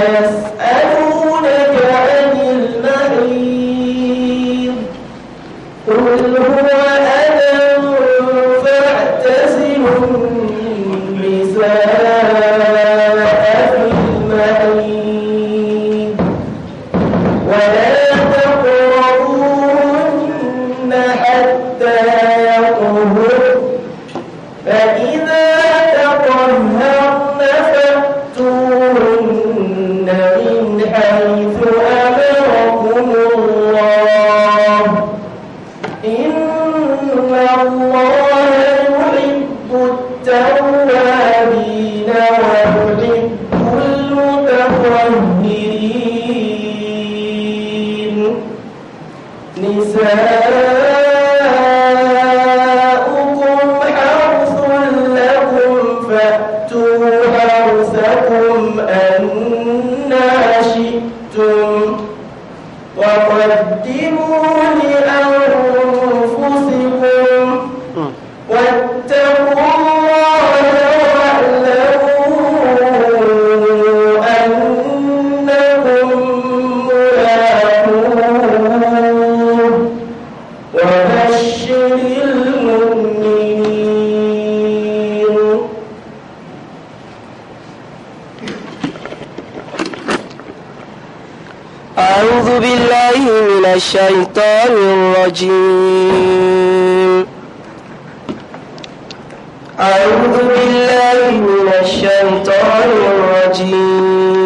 ويسألونك عن المحيط قل هو الشيطان الرجيم أعوذ بالله من الشيطان الرجيم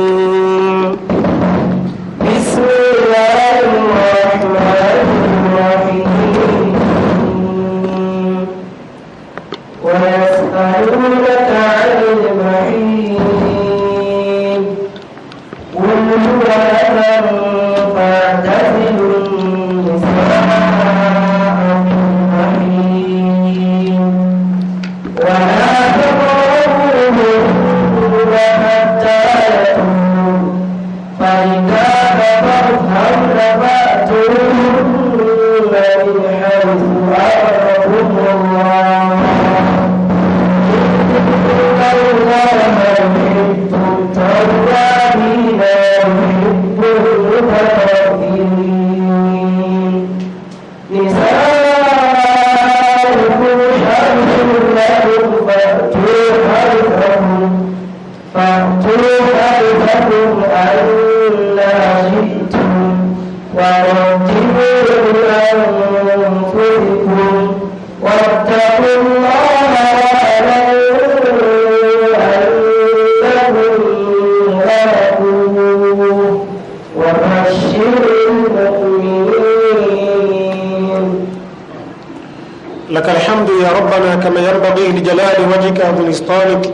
كما يربغي لجلال وجهك وسلطانك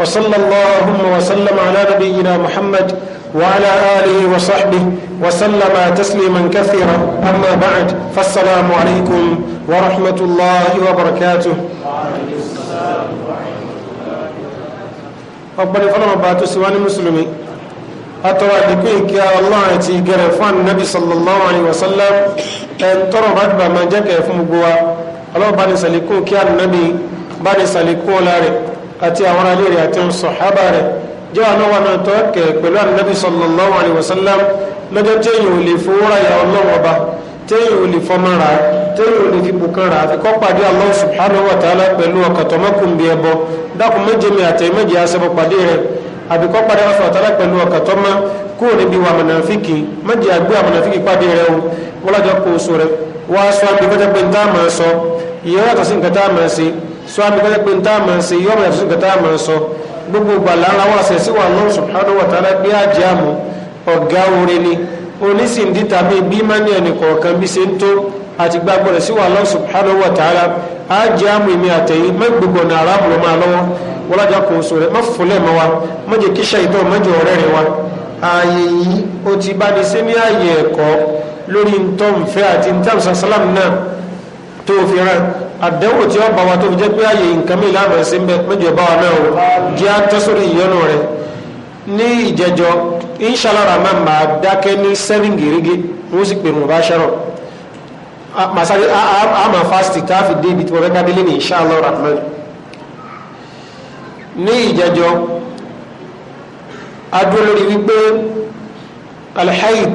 وصلى اللهم وسلم على نبينا محمد وعلى آله وصحبه وسلم تسليما كثيرا أما بعد فالسلام عليكم ورحمة الله وبركاته ọgbọ́n ìfọ́nàmọ̀ bá tó síwá ní mùsùlùmí àtọrọ àdìkú ìkí Allah àti ìgẹ̀rẹ̀ fún Ànábì sallallahu alaihi wasallam ẹ̀ntọ́rọ̀ bá dìbà máa jẹ́kẹ̀ẹ́ fún gbogbo wa ọlọ́run bá ní sàlékún kí ànábì bá ní sàlékún ọlá rẹ̀ àti àwọn alẹ́ rẹ̀ àti sọ̀hábà rẹ̀ jẹ́ àwọn ọmọ náà tó kẹ̀ pẹ̀lú ànábì sallallahu alaihi wasallam lọ́jọ́ téèyàn ò lè fowóra ya ọlọ́run ọba téèyàn ò lè fọmọ rà á téèyàn ò lè fi bùkan rà á fi kọ́ pàdé Allah subhanahu wa ta'ala pẹ̀lú ọ̀kàtọ́mọ́kùnbí ẹ̀bọ dákun méje mi àtẹ̀mẹ́jẹ aṣẹ́bọ̀ pàdé rẹ̀ àbíkọ́ wá sọ àbí kọjá pé ntá máa sọ ìyẹn wà tó sí nǹkan tá a máa ṣe sọ àbí kọjá pé ntá máa ṣe ìyẹn wà tó sí nǹkan tá a máa sọ gbogbo gbàlá ara wà sẹ̀ sí wà lọ́wọ́ subhanahu wa ta'ala gbé àjẹ́ àmú ọ̀gá orin ni onísìndí tàbí bímánì ẹnì kọ̀ọ̀kan bí ṣe ń tó àti gbàgbọ́ rẹ̀ sí wà lọ́wọ́ subhanahu wa ta'ala àjẹ́ àmú èmi àtẹ̀yìn mẹ́gbogbo ọ̀nà arábùrọ̀ máa lọ́wọ́ wọ́lájà kò sọ rẹ̀ mọ́fòlẹ́ mọ́ wa mọ́jẹ́ kíṣà ìtọ́ mọ́jẹ́ ọ̀rẹ́ rẹ̀ wa ààyè yìí ó ti bá ní sí ní ààyè ẹ̀kọ́ lórí ntọ́nfẹ́ àti ntẹ́mùsà sálàmù náà tó fi rán àdẹ́wò tí ó bá wa tó fi jẹ́ pé àyè nǹkan mi láàmú ẹ̀sìn ń bẹ méjì ọba wa náà o jẹ́ àtọ́sórí ìyọnu rẹ ní ìjẹjọ inshallah rahman máa dákẹ́ ní sẹ́rìn gèrègé wọ́n sì pè mọ̀ bá ṣẹ́rọ̀ masari ama fasti káfi débi tí wọ́n fẹ́ dábílẹ̀ ní inshallah rahman ní ìjẹjọ adúlórí wípé alhaid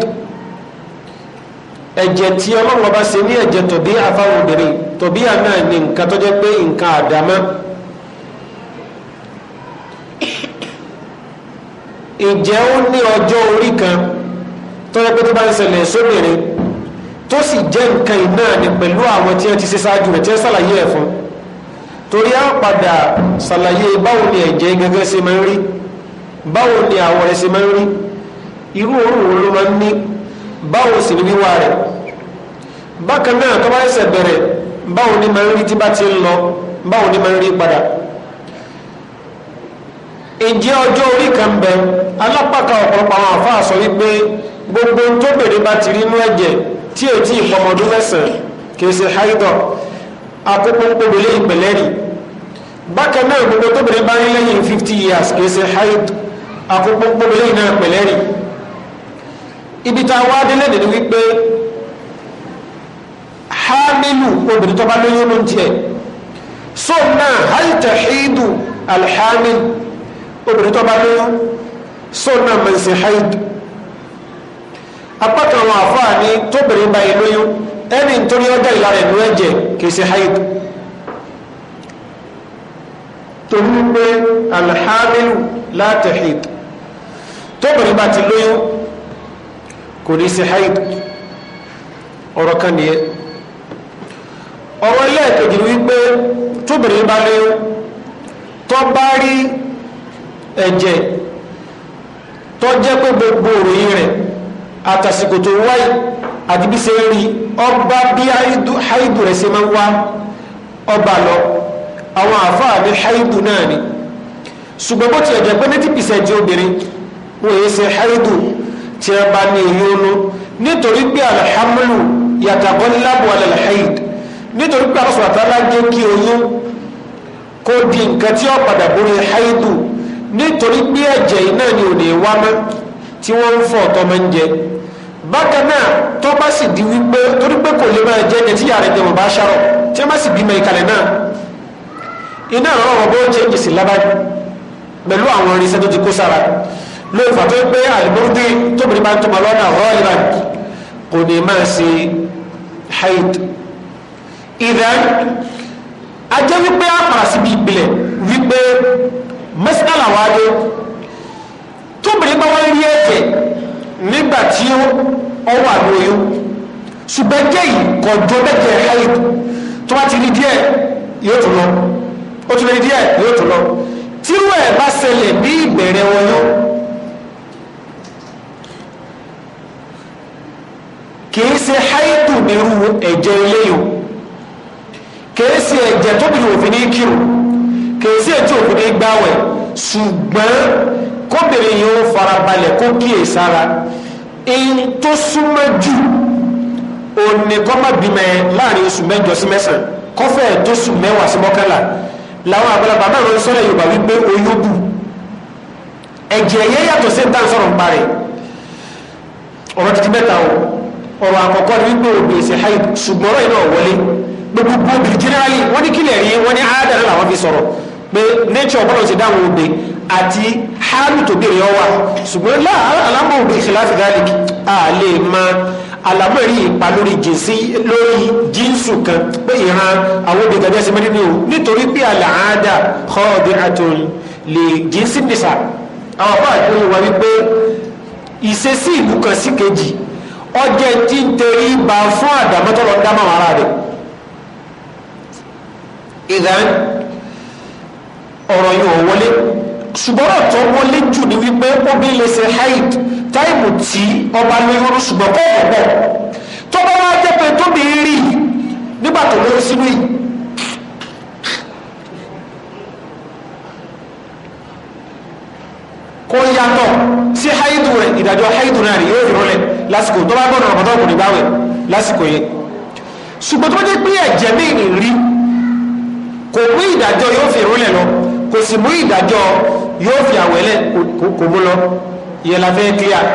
ẹ̀jẹ̀ tí ọlọ́run ọba ṣe ní ẹ̀jẹ̀ tọ̀bí àfáwọn obìnrin tọ̀bí àná ní nǹkan tó jẹ́ pé nǹkan àdámọ́ ìjẹ́ ó ní ọjọ́ orí kan tó jẹ́ pé tó bá ń ṣẹlẹ̀ sóbìnrin tó sì jẹ́ nǹkan iná ni pẹ̀lú àwọn tí wọ́n ti ṣe ṣáájú rẹ̀ tí wọ́n ṣàlàyé ẹ̀ fún torí á padà ṣàlàyé báwo ni ẹ̀jẹ̀ gẹ́gẹ́ ṣe máa ń rí báwo ni àwọ̀ rẹ̀ ṣe máa ń rí irú òórùn wo ló máa ń ní báwo sì ni wíwá rẹ̀ bákan náà tó bá ṣẹ̀ṣẹ̀ bẹ̀rẹ̀ báwo ni máa ń rí ti ń lọ báwo ni máa ń rí padà ìjẹ́ ọjọ́ orí kan bẹ alápàkà ọ̀pọ̀lọpọ̀ àwọn gbogbo tó bèrè bá ti rí inú ẹ̀jẹ̀ tí è tí ìpọmọdún mẹ́sàn-án kìí ṣe haidọ̀ rí bákan náà gbogbo ibi hamilu obìnrin tó bá lóyún ló ń tiẹ̀ so náà halitahidu alhamil obìnrin tó bá lóyún so náà mẹsìn haidu apá kan àwọn àfáà ni tóbìnrin báyìí lóyún ẹni nítorí ọjà ìlara ìlú ẹ̀jẹ̀ kìí ṣe haidu torí wípé alhamilu látẹ̀hìdù tóbìnrin bá ti lóyún kò ní ṣe haidu ọ̀rọ̀ kan nìyẹn ọ̀rọ̀ ẹlẹ́ẹ̀kejì wípé tóbìnrin bá lóyún tó bá rí ẹ̀jẹ̀ tó jẹ́ pé gbogbo òròyìn rẹ̀ àtàsìkò tó wáyé àti bí ṣe rí ọba bí haidu rẹ̀ ṣe máa ń wá ọba lọ àwọn àfáà ní haidu náà ni ṣùgbọ́n bó tiẹ̀ jẹ́ pé ní tìpìsẹ̀ jẹ́ obìnrin wọ́n yé ṣe haidu tí bá ní èyí ó nítorí pé alhamdu yàtàgọ́ lábọ̀ alẹ́ haidu nítorí pé àwọn sọ̀rọ̀ àtàlá jẹ́ kí oyún kó di nǹkan tí ó padà borí haidu nítorí pé ẹ̀jẹ̀ iná ni ò ní wá mọ́ tí wọ́n ń fọ̀ ọ̀tọ́ máa ń jẹ bákan náà tó bá sì di wípé torí pé kò lè máa jẹ́ ẹni tí yàrá ẹ̀jẹ̀ bàbá aṣárọ̀ tí wọ́n bá sì bímọ ìkàlẹ̀ náà iná àwọn ọ̀rọ̀ bó ń ṣe jèsì lábájú pẹ̀lú àwọn irinṣẹ́ tó ti kó sára ló ìfà tó pé àlùbọ́dé tóbi bá ń tó ma lọ́nà ọ̀rọ̀ ìlànà kò ní máa ṣe haidu ìdá ajẹ́ wípé àpàrà síbi ìpìlẹ̀ wípé mẹ́sàlá wa dé tóbìnrin bá wá rí ẹ̀jẹ̀ nígbà tí ó wà lóyún ṣùgbọ́n jẹ́ ìkọjọ́ bẹ́jẹ̀ rí tó bá ti rí díẹ̀ yóò tún lọ ó tún rí díẹ̀ yóò tún lọ tírú ẹ̀ bá ṣẹlẹ̀ ní ìbẹ̀rẹ̀ oyún kìí ṣe háìtù nírú ẹ̀jẹ̀ eléyìí kèésì ẹ̀jẹ̀ tóbìnrin òfin ní kírun kèésì ẹ̀jẹ̀ òfin ní gbáwẹ̀ ṣùgbọ́n kóbìnrin yìí ó farabalẹ̀ kó kíyè sára in tó súnmọ́ jù òní kọ́mọ́bìmọ̀ láàrin oṣù mẹ́jọ sí mẹ́sàn-án kọ́fẹ́ tó sùn mẹ́wàá sí mọ́kànlá làwọn àgbàlagbà náà ló ń sọ́lẹ̀ yorùbá wípé oyún bù ẹ̀jẹ̀ ẹ̀yẹ yàtọ̀ sí ìta sọ̀rọ̀ ń parẹ́ ọ̀rọ̀ títí mẹ́ta o ọ̀rọ̀ àkọ́kọ́ ni wípé òbí ẹ̀sẹ̀ ṣùgbọ́n ọ̀rọ̀ yìí náà wọlé gbogbo bí generally wọ́n ní kílẹ̀ rí wọ́n ní àádára làwọn fi sọ̀rọ̀ pé nature bọ́lọ̀ ti dáhùn òde àti hálù tó bèrè ọwà ṣùgbọ́n alámọ̀ òde ìṣẹ̀láfi garlic a lè ma alámọ̀ rí ipa lórí jìnsí lórí jínsù kan pé ìran àwọn òde gàdé ẹsẹ̀ mẹ́rin ní o nítorí pé àlàáda ọ̀ọ́dẹ àtòrìn lè jínsí nìsà àwọn àbá àti wà wípé ìṣesí ìlú sí kejì ọjẹ́ tí ń tẹrí ba fún àdàmọ́tọ́lọ́ dámọ̀ ara rẹ̀ ìdán ọ̀rọ̀ yóò wọlé ṣùgbọ́n ọ̀tọ̀ wọlé jù ní wípé obì lè ṣe haid táìmù tí ọba lóyún ṣùgbọ́n kọ́ ọ̀pọ̀ tó bá wá jẹ́ pé tóbi rí nígbà tó lóyún sínú yìí kó yàtọ̀ sí haidu rẹ̀ ìdájọ́ haidu náà rí yóò rọlẹ̀ lásìkò tó bá gbọ́dọ̀ ọ̀pọ̀tọ̀ ọkùnrin báwẹ̀ lásìkò yẹn ṣùgbọ́n tó bá jẹ́ pé ẹ̀jẹ̀ mí rí kò mú ìdájọ́ yóò fi ìrúnlẹ̀ lọ kò sì mú ìdájọ́ yóò fi àwẹ̀lẹ̀ kò mú lọ ìyẹn la fẹ́ clear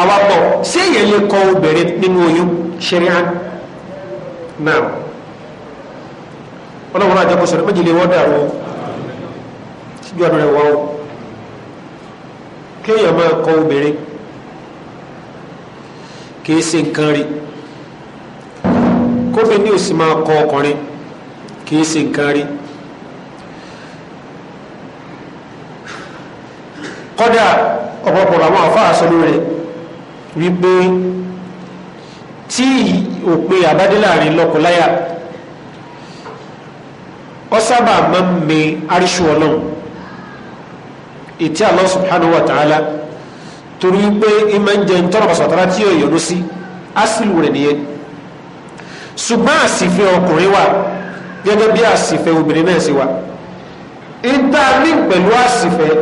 awapọ̀ ṣé èyàn lè kọ obìnrin nínú oyún ṣẹ̀ríà náà ọlọ́run àjọ kò sọ̀rọ̀ méjì lè wọ́dà o síjú ọdún rẹ̀ wọ́n o kéèyàn máa kọ obìnrin kì í ṣe nǹkan rí kóbi ní òsì máa kọ ọkùnrin kì í sì ń kárí. kọ́dà ọ̀pọ̀lọpọ̀ àwọn àfáà sọ lórí wípé tí òpin àbádéláàrin lọ́kọláya ọ sábà máa ń mi aríṣu ọlọ́run ìtí Allah subhanahu wa ta'ala torí pé ìmọ̀ ń jẹ ń tọ́rọ̀ tí yóò yọ̀nú sí asìlù rẹ̀ nìyẹn ṣùgbọ́n àsìfẹ́ ọkùnrin wà gẹ́gẹ́ bí àsìfẹ́ obìnrin náà sì wà ìta ní pẹ̀lú àsìfẹ́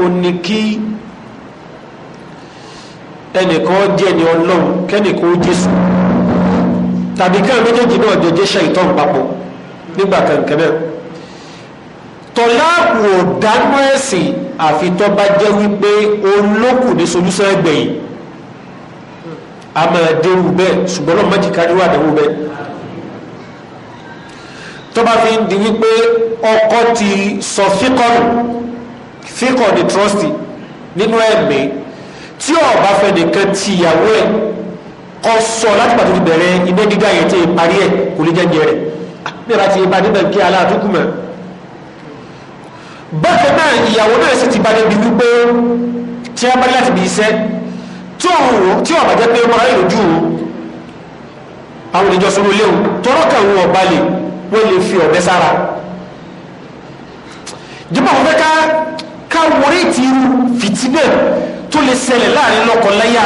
ò ní kí ẹnìkan jẹ́ ni ọlọ́run kẹ́nìkan ó jésù tàbí kí àwọn méjèèjì náà jọ jẹ́ ṣàìtàn papọ̀ nígbà kankan náà tọ́láàkù ò dánú ẹ̀sìn àfi tọ́ bá jẹ́ wípé olókù ní solúsẹ́ ẹgbẹ̀yìn a bẹ́ẹ̀ ṣùgbọ́n lọ́mọ jìkadì wà dánwó bẹ́ẹ̀ tó bá fi ń di wípé ọkọ ti sọ fíkọnù fíkọnù trọ́stì nínú ẹ̀mí tí ọba fẹnìkan ti ìyàwó ẹ̀ kọ́ sọ láti pàtó ti bẹ̀rẹ̀ iná gíga yẹn tí ì parí ẹ̀ kò lè jẹ́jẹ́ rẹ̀ nígbà ah, tí ìbá níbẹ̀ kí aláàdúkù mọ̀ bákan náà ìyàwó náà sì ti bá débi wípé tí wọ́n bá láti bí iṣẹ́ tí ọba jẹ́ pé ọmọ rẹ̀ lójú àwọn ìjọsìn olóòwò tọrọ kàwọn ọba lè wọ́n lè fi ọ̀bẹ sára jùmọ̀ fẹ́ ká ká wọlé ti irú fìtínà tó lè ṣẹlẹ̀ láàrin lọ́kọ̀láyà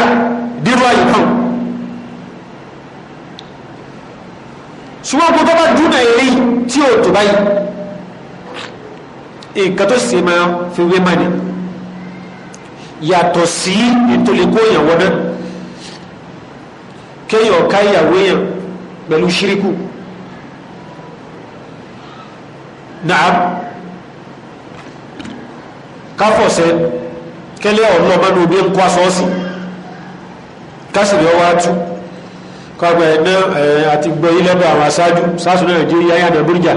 dírú àyè náà ṣùgbọ́n kó tó bá dúnà eré tí ò tó báyìí nǹkan tó sì máa fi wé mọ́ni yàtọ̀ sí ìtòlẹ́kọ́ èèyàn wọ́n kéèyàn ká ìyàwó èèyàn pẹ̀lú ṣíríkù naam káfọ̀sẹ́ kẹ́lẹ́ ọ̀nà ọmọ ní omi ń kọ́ asọ́ọ̀sì kásìrì ọwọ́ atú kọ́gbà ẹ̀ná àti gbọ́ ilẹ́bẹ̀ àwọn aṣáájú sáàsùn nàìjíríà yàdà búrújà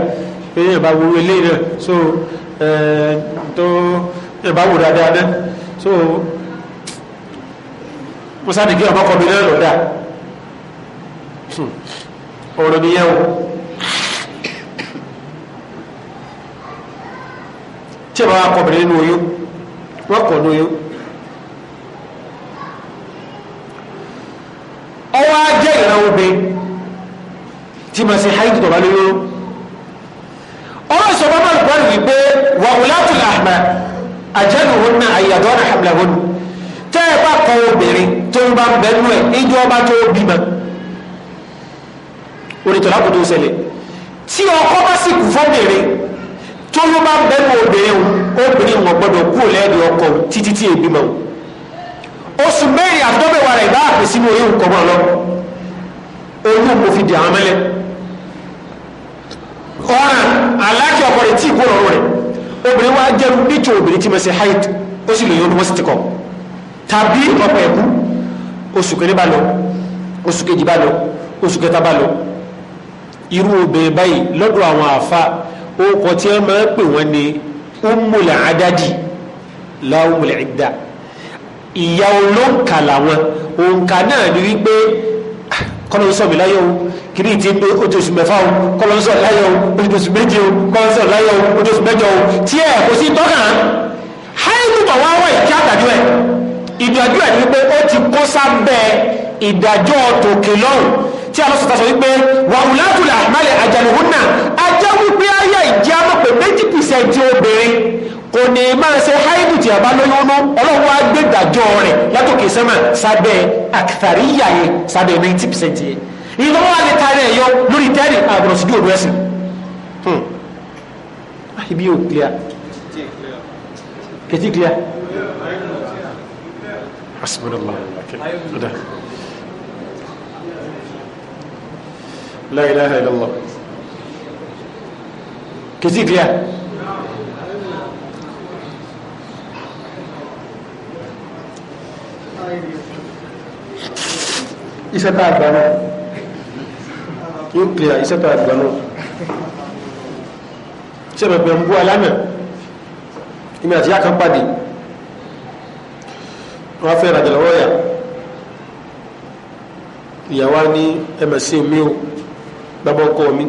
èèyàn bá wo ilé náà so tó ẹ̀bá wò dáadáa náà so musa nìkí ọmọkọ̀ mi náà lọ́dà hmm. ọ̀rọ̀ nìyẹn o. tí ẹ bá wà kọbìnrin nínú oyún wọn kọ ní oyún. ọwọ́ á jẹ́ ìran obìnrin tí màá ṣe háìdì tó bá lóyún ọ̀rọ̀ ìṣọ̀bọ́n náà gbọ́n wípé wàhùlátùl àhmà ajaluhunna àyàdọ́nà hamlahunna tẹ́ ẹ bá kọ obìnrin tó ń bá ń bẹ́nu ẹ̀ níjọ́ ọba tó bímọ onítọ̀lápò tó ṣẹlẹ̀ tí ọkọ bá sì kú fọ́bìnrin tó ló bá bẹ́nu obìnrin obìnrin wọn gbọ́dọ̀ kú lẹ́ẹ̀dì ọkọ títí tí èbí mọ́ oṣù mẹ́rin àtọ́bẹ̀wà rẹ̀ bá àpè sínú oyún nǹkan lọ oyún kò fi di àwọn mẹ́lẹ̀ ọ̀ràn aláàkì ọkọ rẹ̀ tí ìkóràn rẹ̀ obìnrin wa jẹ́rú níjọ obìnrin tí mo ṣe haid ó sì lè yọ ọdún wọ́n sì ti kọ̀ tàbí ọkọ̀ ẹ̀kú oṣù kẹni bá lọ oṣù kejì bá lọ oṣù kẹta bá lọ irú obìnrin báyìí lọ́dọ̀ àwọn àfa orúkọ tí wọ́n máa ń pè wọ́n ní umul adadi la umul idda ìyá olóǹkà làwọn òǹkà náà ni wípé kọ́lọ́ sọ mi láyọ̀ o kìíní ti pé oṣooṣù mẹ́fà o kọ́lọ́ sọ láyọ̀ o oṣooṣù méje o kọ́lọ́ sọ láyọ̀ o oṣooṣù mẹ́jọ o tí ẹ̀ kò sí tọ́kà háìlú bọ̀ wá wá ìkí àgbàdo ẹ̀ ìdájọ́ ẹ̀ ni wípé ó ti kó sábẹ́ ìdájọ́ tòkè lọ́rùn tí a lọ sọ̀tà sọ wípé wàhùlátùlà àmàlẹ̀ àjàlùhùn náà wípé ayé ìjẹ́ amọ̀pẹ̀ méjì pìsẹ̀ntì obìnrin kò ní máa ṣe háìdù tí a bá lóyún nú ọlọ́run á gbé ìdájọ́ rẹ̀ látòkè sẹ́mà sábẹ́ àkàtàríyà yẹn sábẹ́ ninety percent yẹn ìlọ́wọ́ wa lè taari ẹ̀ yọ lórí tẹ́rì àbùrọ̀ sí dòdò ẹ̀sìn hmm. ah, ibi yóò clear kẹtí clear asibirallah la ilaha illallah kìsì clear iṣẹ́ tá a gbà náà yóò clear iṣẹ́ tá a gbà náà ṣe bẹ̀bẹ̀ ń bú alámẹ̀ ìmì àti yá kan pàdé wọ́n fẹ́ ìrìnàjò yà ìyàwó ní ẹ̀mẹ̀sí mi ò bàbá ọkọ mi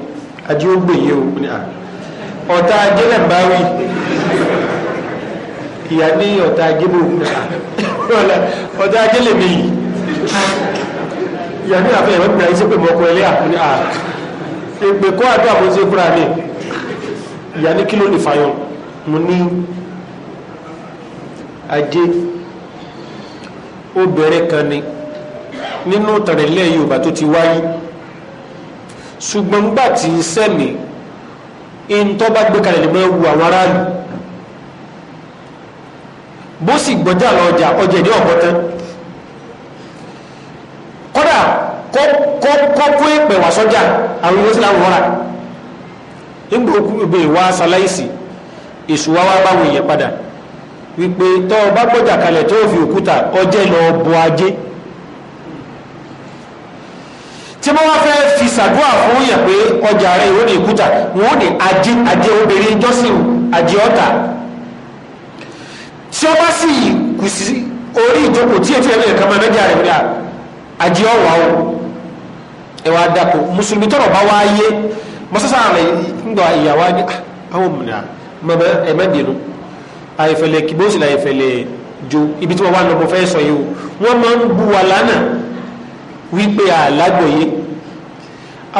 ajé ó gbèyẹ ò ní àná ọ̀tá ajẹ́lẹ̀ bá wí ìyá ní ọ̀tá ajébò ọ̀tá ajẹ́lẹ̀ mi ìyá ní àfẹ́ ìwọ́n gbìyànjú pé mọ́kọ ilé àkúnyà ègbè kọ́ àdó àbójú fúra mi ìyá ní kí ló lè fàyọ mo ní ajé obìnrin kan ni nínú tàrínlẹ̀ Yorùbá tó ti wáyé ṣùgbọ́n gbà tí sẹ́mi ìntọ́ bá gbé kalẹ̀ lẹ́mọ́ ewu àwọn aráàlú bó sì gbọ́jà lọ ọjà ọjà ìdí ọ̀pọ̀ tán kódà kọ́kọ́ èpè wà sọ́jà àwọn ìwé sílá wọ́ra nígbà òkú ìbè wá sáláìsì èṣù wá wá báwọn èèyàn padà wípé tọ́ bá gbọ́jà kalẹ̀ tó fi òkúta ọjẹ́ lọ bọ ajé tí wọ́n wá fẹ́ fi sàdúrà fún yẹn pé ọjà rẹ̀ ìwé ní ìkúta ò ní ajé ajé obìnrin jọ́sìn ajé tí ó bá sì kù sí orí ìjókòó tí ètò ẹ̀rọ ìkàmọ́ mẹ́jà rẹ̀ ní ajé ọ̀wà o ẹ̀wà mùsùlùmí bá mọ́sásá rẹ̀ ń ìyàwó ní ah, ibi tí wọ́n wá wípé àlágbòye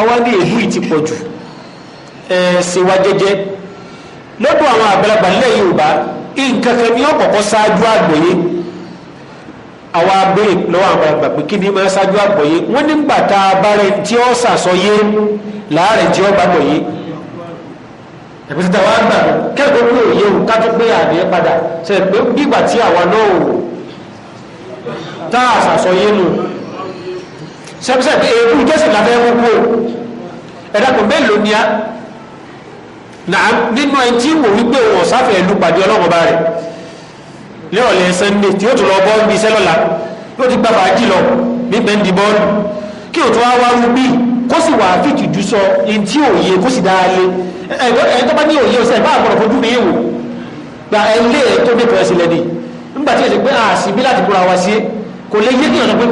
awa ní èébú ti pọ̀ jù ẹ ṣe wá jẹ́jẹ́ àwọn àgbàlagbà nílẹ̀ Yorùbá nǹkan kan ní ọ̀kọ̀ọ̀kọ̀ ṣáájú àgbòye àwa abéèrè lọ́wọ́ àwọn àgbàlagbà pé kí ni máa ṣáájú àgbòye wọ́n nígbà tá a bá rẹ tí ó ṣàṣọyé láàrẹ̀ tí ó gbàgbòye ẹ̀pẹ̀sẹ̀ tàwa gbà kẹ́kọ̀ọ́ pé òye òun ká tó gbé padà ṣe pé nígbà tí àwa náà ò tá a sẹ́pẹ́sẹ́pẹ́ èébú jẹ́sì lábẹ́ gbogbo ẹ̀dàkùn mélòó ni a na nínú ẹni tí wò wípé wọn sáfẹ́ ìlú pàdé ọlọ́run bá rẹ̀ lẹ́ọ̀lẹ́ sẹ́ndé tí ó tún lọ bọ́ọ̀lù bíi sẹ́lọ́la ló ti gba fàájì lọ ní bẹ́ndì bọ́ọ̀lù kí o tún wá wá rú bíi kó sì wà á fìtì jù sọ ẹni tí òye kó sì dáa lé ẹ̀ tó bá ní òye ọ̀sẹ̀ bá àgbọ̀rọ̀ fojú mi wò gba ẹ̀ lé tó dé pẹ̀lẹ́sì lẹ́ni nígbà tí o sì pé àṣìbí láti búra wá sí e. kò lè yé kí ọ̀nà pé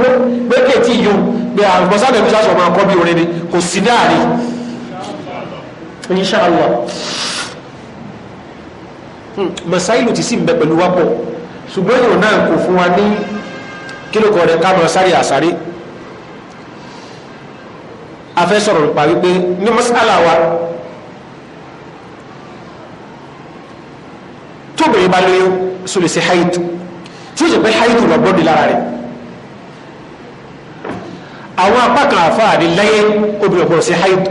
pé kéètì yòó pé àgbọ̀sálẹ̀ ní sàṣọ máa kọ́ bí orin ni kò sí dáàrí inṣàlá hmm, masailu ti sì ń bẹ pẹ̀lú wápọ̀ ṣùgbọ́n ìrò náà kò fún wa ní kílòkọ̀ rẹ̀ ká máa sáré àsáré afẹ́ sọ̀rọ̀ nípa wípé ní masala wa tóbìnrin bá lóyún sólè sí haidu tí ó jẹ́ pé haidu lọ gbọ́dọ̀ lára rẹ̀ àwọn apá kan àfáàdé láyé obìnrin ọ̀pọ̀ sí haidu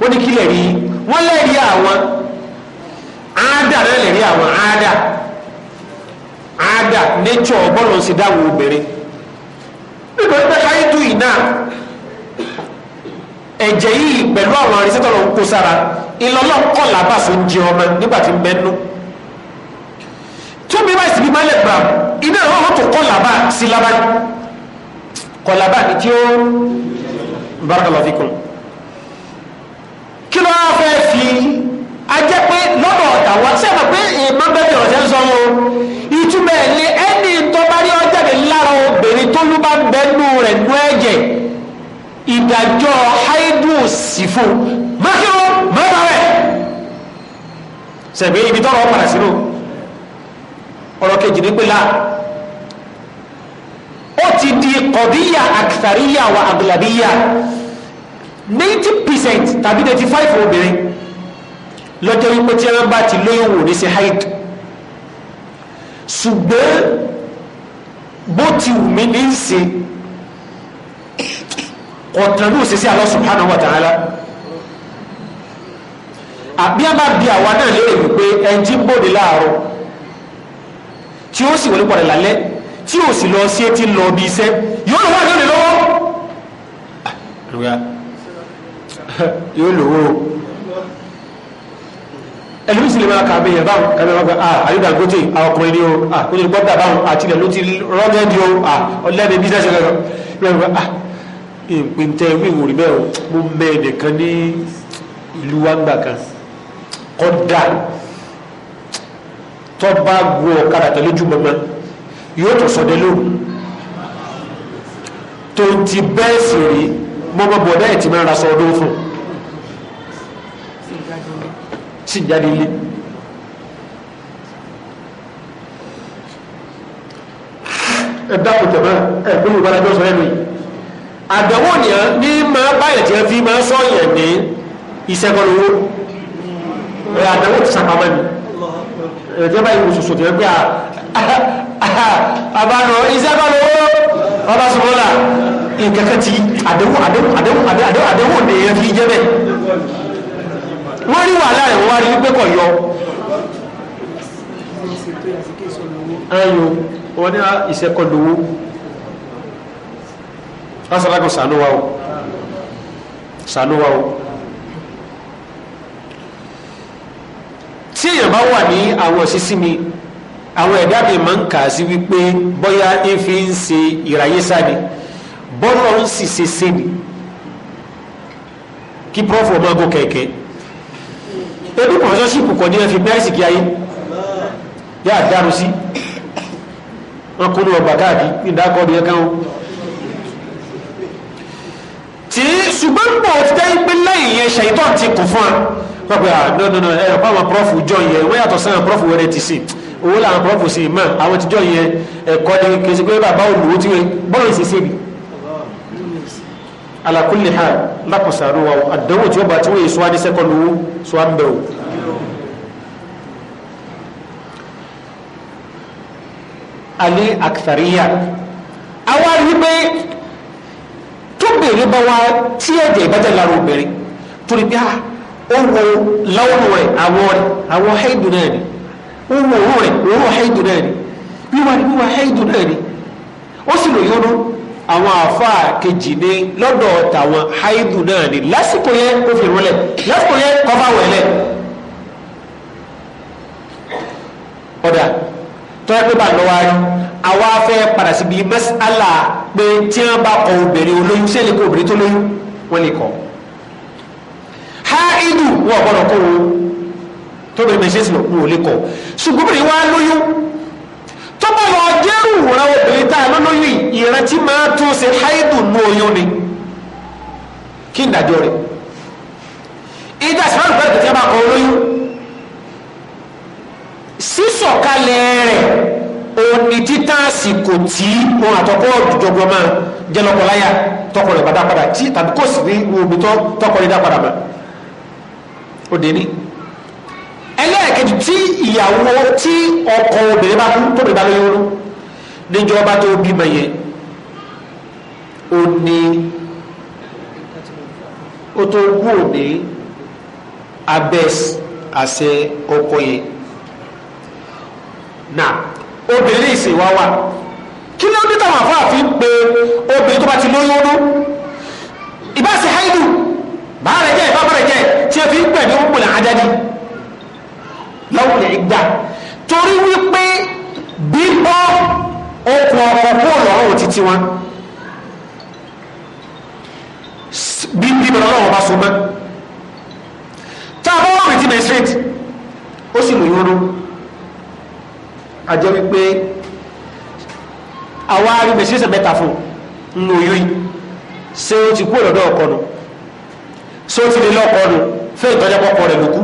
wọ́n ní kílẹ̀ rí wọ́n lẹ́rí àwọn àádà náà lẹ́rí àwọn àádà àádà nature ọgbọ́nà sí dáwọn obìnrin nítorí pé haidu yìí náà ẹ̀jẹ̀ yìí pẹ̀lú àwọn arìnsẹ́tọ̀lọ́ ń kó sára ìlọ́lọ́ kọ́ làbàṣọ ń jẹ ọmọ nígbà ń bẹ́nu tóbi bá sì bí má lè iná àwọn ọmọ tó kọlàbà sí labani kọlàbà ni tí ó barakallahu fikum kí ló wá fẹ́ fi ajẹ́ pé lọ́dọ̀ ọ̀tàwá sí àmà pé èèmọ́ bẹ́ẹ̀ ọ̀sẹ̀ ń sọ o ìtumọ̀ ẹ̀ ní ẹni tó bá rí ọjà ní lára obìnrin tó ló bá bẹnu rẹ̀ nú ẹ̀jẹ̀ ìdájọ́ haidu sífò mákìrò mẹ́ta rẹ̀ sẹ̀gbẹ́ ibi tọ́rọ ọ̀pàdà sínú ọ̀rọ̀ kejì ní pé ó ti di kọ̀díyà àkìtàríyà wa àgbìlàbíyà 90% tàbí 35 obìnrin lọ́jọ́ wípé tí wọ́n bá ti lóyún wò ní sí haid ṣùgbọ́n bó ti wù mí ní ṣe kọ̀tàlú òṣìṣẹ́ Allah subhanahu wa ta'ala àbí àbá bí àwa náà lérè wípé ẹni tí bòde láàárọ̀ tí ó sì wọlé pọ̀dẹ̀ lálẹ́ tí ò sì lọ sí etí lọ bí iṣẹ́ yóò lọ wá lónìí lọ́wọ́ yóò lówó ẹlòmí sì lè máa kà bẹyẹ báwọn kàbẹ wọn gbà ah àyùbá gbòtè àwọn ọkùnrin ni o ah kò ní gbọ́dọ̀ báwọn àti ilẹ̀ ló ti rọ́gẹ́dì o ah ọlẹ́ni bí sẹ́sẹ̀ lọ́wọ́ yóò gbà ah ìpín tẹ ìwé ìwòrì bẹ́ẹ̀ o mo mẹ ẹnìkan ní ìlú wa gbà kan kọ́ da tọ́ bá gbọ́ lójú mọ́mọ́ yóò tó sọdẹ lóru tó ti bẹ́ẹ̀ sì rí mọ́mọ́ bọ̀dá ẹ̀ ti máa ra sọ ọdún fún sì ń jáde ilé. ẹ dákun tẹ̀ máa ẹ gbé mi bára jọ́sọ ẹ̀mí àdánwò yẹn ní máa báyẹ̀ tí wọ́n fi máa sọ yẹn ní ìṣẹ́gun owó ẹ àdánwò ti sàpamọ́ mi ẹ báyìí oṣooṣù tí wọ́n gbé a àbánú iṣẹ́ bá lówó bàbá sọ̀rọ̀lá nǹkan kan ti àdéhùn àdéhùn àdéhùn àdéhùn àdéhùn òde yẹn fi jẹ́ bẹ́ẹ̀ wọ́n rí wàhálà rẹ̀ wọ́n rí wípé kọ̀ yọ. ayo wọ́n ní ìṣẹ́kọ̀ lówó asalakan sànú wa o sànú wa o tí èèyàn bá wà ní àwọn sísí mi àwọn ẹ̀dá mi máa ń kà á sí wípé bóyá ife ń ṣe ìráyésá ni bọ́lọ̀ ń sì ṣe ṣe ni kí prof ọmọ ago kẹ̀kẹ́ ebi kọ̀ọ̀sọ́ṣìpù kọ̀ ní ẹ fi bẹ́ẹ̀ sì kí ayé yá dáru sí wọn kúrò ọgbà káàkiri ìdákọ̀ọ́dù yẹn káwọn tí ṣùgbọ́n pọ̀ ti dẹ́ ipé lẹ́yìn yẹn ṣàìtọ́ ti kù fún wa wọ́n pe ah no no no ẹ̀rọ pàwọn prof jọ yẹn wọ́n yàtọ̀ sẹ́yìn prof wẹ́rẹ́ ti sìn owó làwọn pọ́pù sí ìmọ̀ àwọn tíjọ́ yẹn ẹ̀kọ́ ni kèsì pé bàbá olùwó tí bọ́ọ̀lù ha wa àdánwò tí ó bá tí wọ́n yìí sọ ní ń o. alẹ́ bá ah, wo láwọn rẹ̀ àwọn rẹ̀ àwọn ohun òwò rẹ̀ òwò haidu náà ni wíwá ni wíwá haidu náà ni ó sì lò yọnu àwọn àáfàá kejì ní lọ́dọ̀ tàwọn haidu náà ni lásìkò yẹn kó fi rúlẹ̀ lásìkò yẹn kọ́ bá wẹ̀lẹ̀ ọ̀dà tọ́lá pé bá lọ́wọ́ ayọ́ àwa fẹ́ padà síbi mẹ́sàlá pé tí wọ́n bá kọ obìnrin olóyún sẹ́lẹ̀ kó obìnrin tó lóyún wọ́n lè kọ́ haidu wọ́n gbọ́dọ̀ wọn tó bẹ̀rẹ̀ ṣe sínú òun ò lè kọ̀ ṣùgbọ́n wá lóyún tó bá lọ jẹ́rù ìran obìnrin tá a lọ lóyún ìran tí máa tún ṣe háìdù nú oyún ni kí n dájọ́ rẹ̀ ìjà sọ́rọ̀ ìgbà tó ti bá kọ lóyún sísọ̀kalẹ̀ rẹ̀ òní títà àsìkò tí òun àtọ́kọ́ ọ̀dùjọ́gbọ́n máa jẹ́ lọ́kọ̀láyà tọkọ rẹ̀ bá tí tàbí kò sí ní omi tọkọ rẹ̀ dá mọ́ ẹlẹ́ẹ̀kejì tí ìyàwó tí ọkọ obìnrin bá tó bìnrin bá lóyún rú níjọba tó bímọ yẹn ó ní ó tó kú òní abẹ́ àṣẹ ọkọ yẹn náà obìnrin ìsìn wá wà kí ló dé táwọn àfáàfin pé obìnrin tó bá ti lóyún rú ìbá haidu bá jẹ́ ìbá jẹ́ tí ẹ fi ń pẹ̀ ní ó láwùlẹ̀ ìgbà torí wípé bíbọ́ okùn ọ̀pọ̀ kúrò títí wọn bí bíbọ̀ lọ́rùn ọba so mọ́ tá a bá rìn tí bẹ̀ straight ó sì a wípé àwa rí bẹ̀ sí ìsẹ̀mẹ́ta fún un ti ọkọ nù ṣé ó ti lè lọ́kọ nù fẹ́ ọkọ rẹ̀ lókù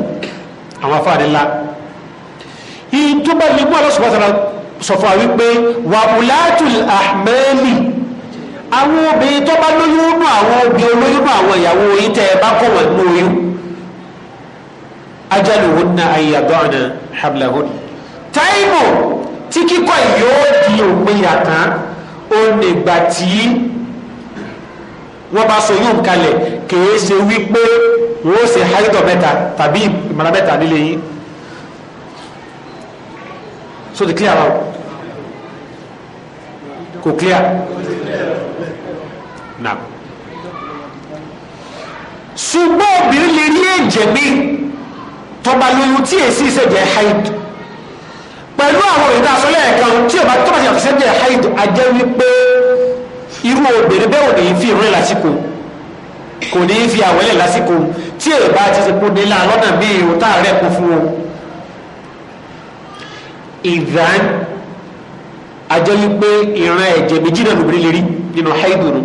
àwọn afáàdé ńlá yìí tó bá lè mú alọ́sọ̀fàtàrà sọ̀fà wípé wàmúlátùl ahmẹ́lì àwọn obìnrin tó bá lóyún nù àwọn obì olóyún nù àwọn ìyàwó yìí tẹ́ ẹ bá kọ̀ wọ́n nù oyún ajaluhunna ayyadana hablahun táìmù tí kíkọ yóò di òpin yàtàn ó nígbà tí wọ́n bá so yóò kalẹ̀ kìí ṣe wípé wọ́n ṣe háyídọ̀ mẹ́ta tàbí ìmọ̀ràn mẹ́ta nílé yìí so ti clear báwo kò clear na ṣùgbọ́n obìnrin lè rí ẹ̀jẹ̀ mi tọba lóyún tí èsì ìṣẹ̀jẹ̀ haid pẹ̀lú àwọn ìdá àsọlẹ̀ ẹ̀kan tí ọba tọba ti àfisẹ́jẹ̀ haid ajẹ́ wípé irú obìnrin bẹ́ẹ̀ ò ní fi ìrún lásìkò kò ní fi àwẹ̀lẹ̀ lásìkò tí èèbá ti ṣe kó nílá lọ́nà míì ò tá a rẹ̀ kó fún wọn ìdán ajẹ́ wípé ìran ẹ̀jẹ̀ méjì náà lóbìnrin lè rí nínú haidu nù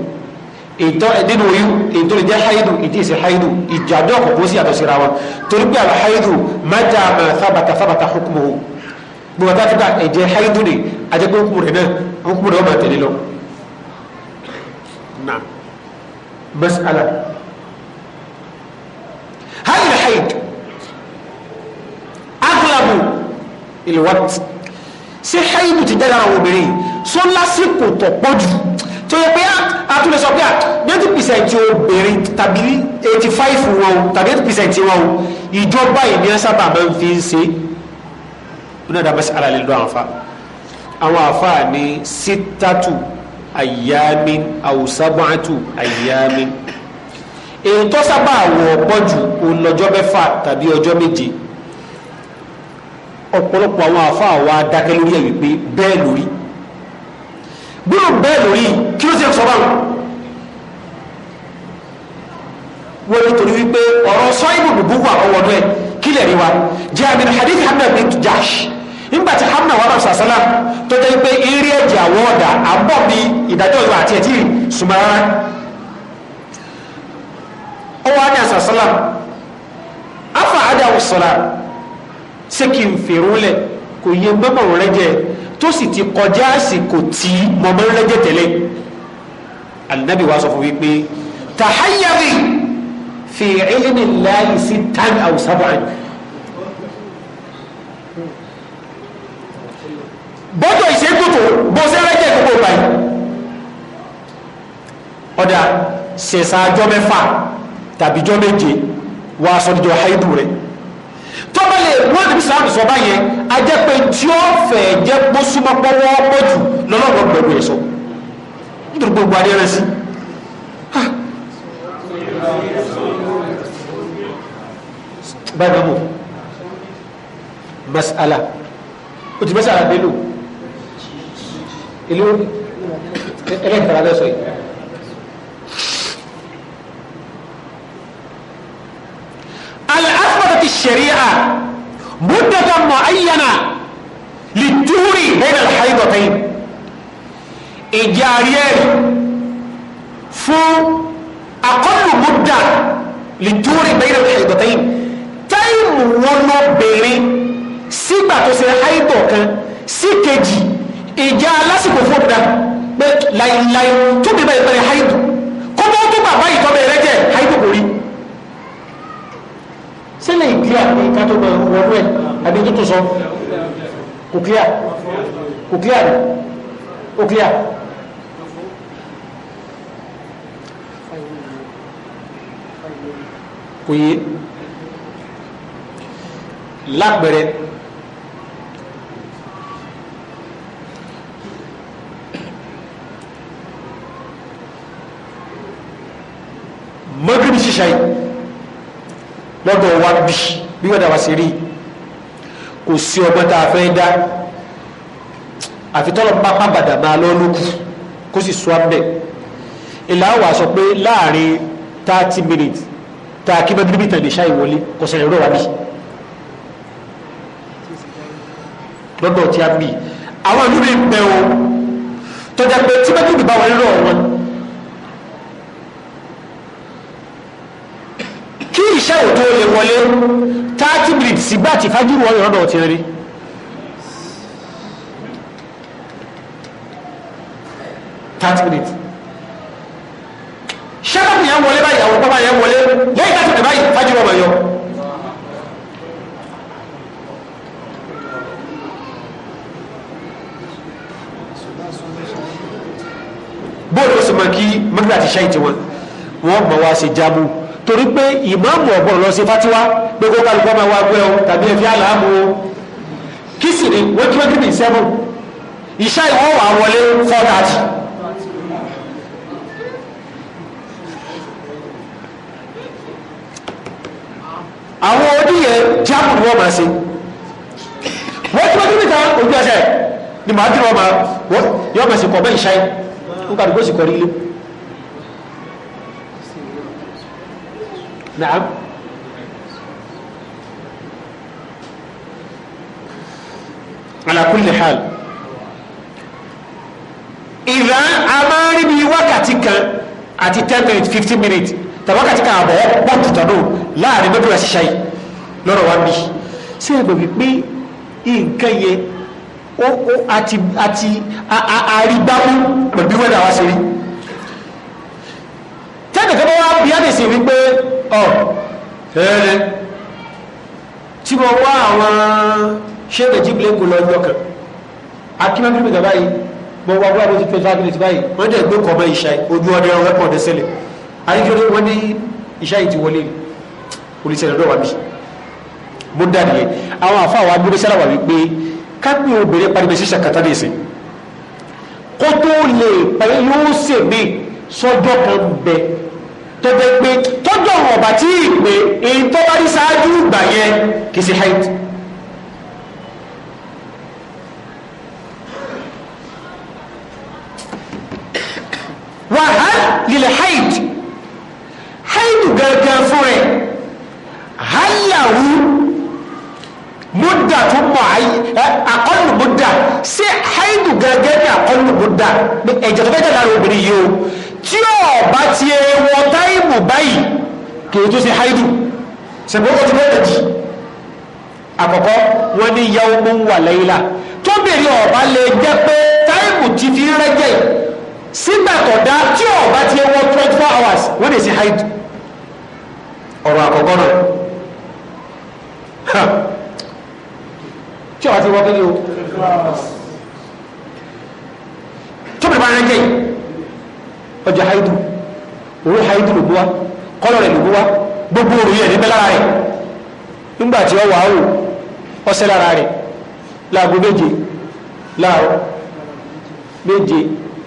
ètò nínú oyún ètò lè jẹ́ haidu ètò ìsẹ̀ haidu ìjàdọ̀ kòkó sí àtọ̀ síra wọn torí pé àlọ́ haidu mẹ́ta máa sábàtà sábàtà hukumuhu gbogbo àti àtúgbà ẹ̀jẹ̀ haidu ni ajẹ́ pé hukumu rẹ̀ náà hukumu rẹ̀ wọ́n máa tẹ̀lé lọ. na mas'ala ìlúwọ́tì ṣé ṣáìbù ti jáde àwọn obìnrin só lásìkò tó pọ̀ jù tó yẹ pé a tún lè sọ pé a Ninety percent obìnrin tàbí eighty five wọn o tàbí eighty percent wọn o ìjọba ìní sábà máa ń fi ń ṣe oní àdàbà sí ara lílo àwọn afa àwọn afa ní sítátù àyàmí àwùsábàtù àyàmí èyí tó sábà wọ̀ pọ̀ jù òun lọ́jọ́ mẹ́fà tàbí ọjọ́ méje ọ̀pọ̀lọpọ̀ àwọn àfa àwa dákẹ́ lórí ẹ̀ wípé bẹ́ẹ̀ lórí gbọ́dọ̀ bẹ́ẹ̀ lórí kí ló ṣe sọ báwọn wọ́n ní torí wípé ọ̀rọ̀ sọ́yìnbó bùbú wà ọwọ́dọ́ ẹ̀ kí lè rí wa jẹ́ àmì hadith hamna bin jash nígbà tí hamna wà rọ̀ṣà sálá tó jẹ́ pé eré ẹ̀jẹ̀ àwọn ọ̀dà àbọ̀ bí ìdájọ́ ìwà àti ẹ̀tí sùmọ́ra ọwọ́ á ní afa adáwọ̀ sọ̀rọ̀ ṣé kí n fèrún lẹ̀ kò yẹ gbẹ́mọ̀ rẹ́jẹ tó sì ti kọjá àsìkò tí mo máa ń rẹ́jẹ tẹ́lẹ̀ alinabi wa sọ fún mi pé tahayyari fi ilmi llahi sittan aw sab'an bọ́tọ̀ ìṣègùtò bó ṣe rẹ́jẹ gbogbo báyìí ọ̀dà ṣẹ̀ṣà ọjọ́ mẹ́fà méje wàá haidu rẹ̀ tọ́ba lè wọ́n ti sàmù sọ báyẹn a jẹ́ pé tí ó fẹ́ jẹ́ pọ́ súnmọ́ pọ́wọ́ pọ́ jù lọ́lọ́wọ́ gbẹ̀gbẹ̀ ẹ̀ sọ nítorí gbogbo adé rẹ sí. báyìí mọ̀ masala o ti masala bẹ́ẹ̀ lò ẹlẹ́kẹ̀ẹ́ta lẹ́sọ̀ yìí. الشريعة مدة معينة للطهر بين الحيضتين إجاريين فو أقل مدة للطهر بين الحيضتين táìmù wọn lọ bèrè sígbà tó ṣe àìbọ̀ kan sí kejì ìjà lásìkò fún ọ̀dà pé láìláì tóbi bá ìpẹ̀rẹ̀ àìbọ̀ nàìjíríà ní kátólọ̀ wọlú ẹ̀ àbí tó tó sọ kò clear kò clear rẹ̀ ó lọ́dọ̀ wa bí bí wọ́n dàbà sí rí kò sí ọgbọ́n tá a fẹ́ dá àfitọ́lọ́ pápá bàdà máa lọ lókù kó sì sọ abẹ́ ìlà wà sọ pé láàrin thirty minutes tá a kí bẹ́ẹ̀ bíbí tàn lè ṣá ìwọlé kò sẹ̀rẹ̀ rọ̀ bí lọ́dọ̀ tí a bì àwọn ìlú mi bẹ̀ o tọ́jà pé tí bẹ́ẹ̀ bíbí bá wọlé rọ̀ wọn iṣẹ́ ò tó lè wọlé thirty minutes sígbà tí fájúrù wọn lọ́dọ̀ ti rí thirty minutes ṣẹ́kọ̀tì yẹn wọlé báyìí àwọn pápá yẹn wọlé lẹ́yìn láti rẹ̀ báyìí fájúrù ọmọ yọ. bóòlù ó sì máa kí mọ́tò àti ṣáì tiwọn wọ́n mọ̀ wá sí jábù torí pé ìmáàmù ọ̀gbọ̀n lọ sí fatiwa pé kó kálukọ́ máa wá gbẹ́ o tàbí ẹ̀fí àlàámù o kí sì ni wékíwékí ní sẹ́mù ìṣá ìwọ́ wà wọlé four thirty. àwọn oníyẹ jáàmù ni wọ́n máa ṣe wékíwékí níta ojú ẹsẹ̀ ni màá dúró máa yọ ọmọ sí kọ́ bẹ́ẹ̀ ìṣá yìí ó kàdúgbò sí kọ́ rí نعم على كل حال إذا أماري بوقتك àti ten minutes fifteen minutes tàbákàtí kan àbọ̀ pọ̀ jù tọ́nù láàrin lọ́dún rẹ̀ ṣiṣẹ́ yìí lọ́rọ̀ wa bí ṣé ẹ gbọ́ wípé nǹkan yẹ ó ó àti àti àrígbámú pẹ̀lú bí wẹ́dà wa ṣe rí tẹ́lẹ̀ tó bá wá bí á lè ṣe wípé ọ fẹ́ẹ́rẹ́ tí mo wá àwọn ṣẹ́ẹ̀kì jíbìlẹ̀ ń gò lọ ọjọ́ kan akínmọ́bí mi gàbá yìí mo wá wá bó ti twenty five minutes báyìí wọ́n dẹ̀ gbé kọ̀ọ̀mọ́ ìṣá yìí ojú ọdẹ ọ̀rẹ́ pọ̀ ọ̀dẹ sẹ́lẹ̀ ayíkẹ́rẹ́ wọ́n ní ìṣá yìí ti wọlé olùsẹ̀ lọ́dọ̀ wa bí mo dà nìyẹn àwọn àfa wa gbé sẹ́lá wà wípé kápẹ́ obìnrin parimẹ́ sí ṣàkátà ní ìsìn kó lè pẹ́ yóò sèmi sọ́jọ́ kan bẹ́ẹ̀ tó jẹ́ pé tọ́jú ọ̀run ọ̀bà tí ì pé èyí tó bá rí ṣáájú ìgbà yẹn kì í ṣe haid. wàhálà lílẹ̀ haid haid gangan fún rẹ̀ hàlàwù múdà tó mọ̀ àkọlù múdà ṣé haid gangan ní àkọlù múdà ẹ̀jẹ̀ tó fẹ́ jẹ́ lára obìnrin yìí o tí ọ̀bá ti ẹwọ táìmù báyìí kìí tó sí haidu ṣẹ̀gbọ́n ti bẹ́ẹ̀ jì àkọ́kọ́ wọ́n ní yawmun wa layla tó bèèrè ọ̀bá lè jẹ́ pé táìmù ti fi rẹ́jẹ̀ sígbàtọ̀dá tí ọ̀bá ti ẹwọ 24 hours wọ́n lè sí haidu ọ̀rọ̀ àkọ́kọ́ náà tí ọ̀bá ti wọ́n kí ni o tó bèèrè bá rẹ́jẹ̀ yìí ọjà haidu owó haidu ló búwa kọ́lọ̀ rẹ̀ ló búwa gbogbo òròyìn ẹ̀ níbẹ̀ lára rẹ̀ nígbà tí ọ wà á wò ọsẹ lára rẹ̀ láago méje láàárọ̀ méje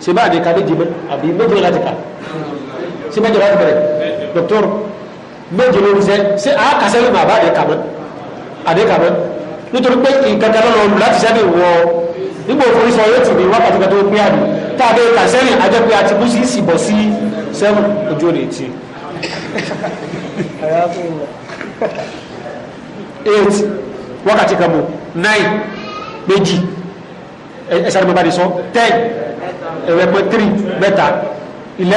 ṣe bá àdéka méje mẹ́ àbí méje láti kà ṣe méje láti bẹ̀rẹ̀ dọ́kítọ́r méje lórí sẹ́ ṣé àákàṣẹ́ lè má bá àdéka mọ́ àdéka mọ́ nítorí pé ìkankan lọ́nà olù láti sẹ́ni wọ nígbà òfurufú ọyọ́ tì ní wákàtí kan tó ń àdé tàbí kàṣẹ́rìn ajẹ́pẹ́ àti bú sí ìsìnbọ̀ sí 7 ojú òde tí 8 wákàtí kan mọ̀ 9 méjì ẹ̀sàrí mọ̀ bá sọ 10 ẹ̀wẹ̀ pẹ̀ 3 mẹ́ta 11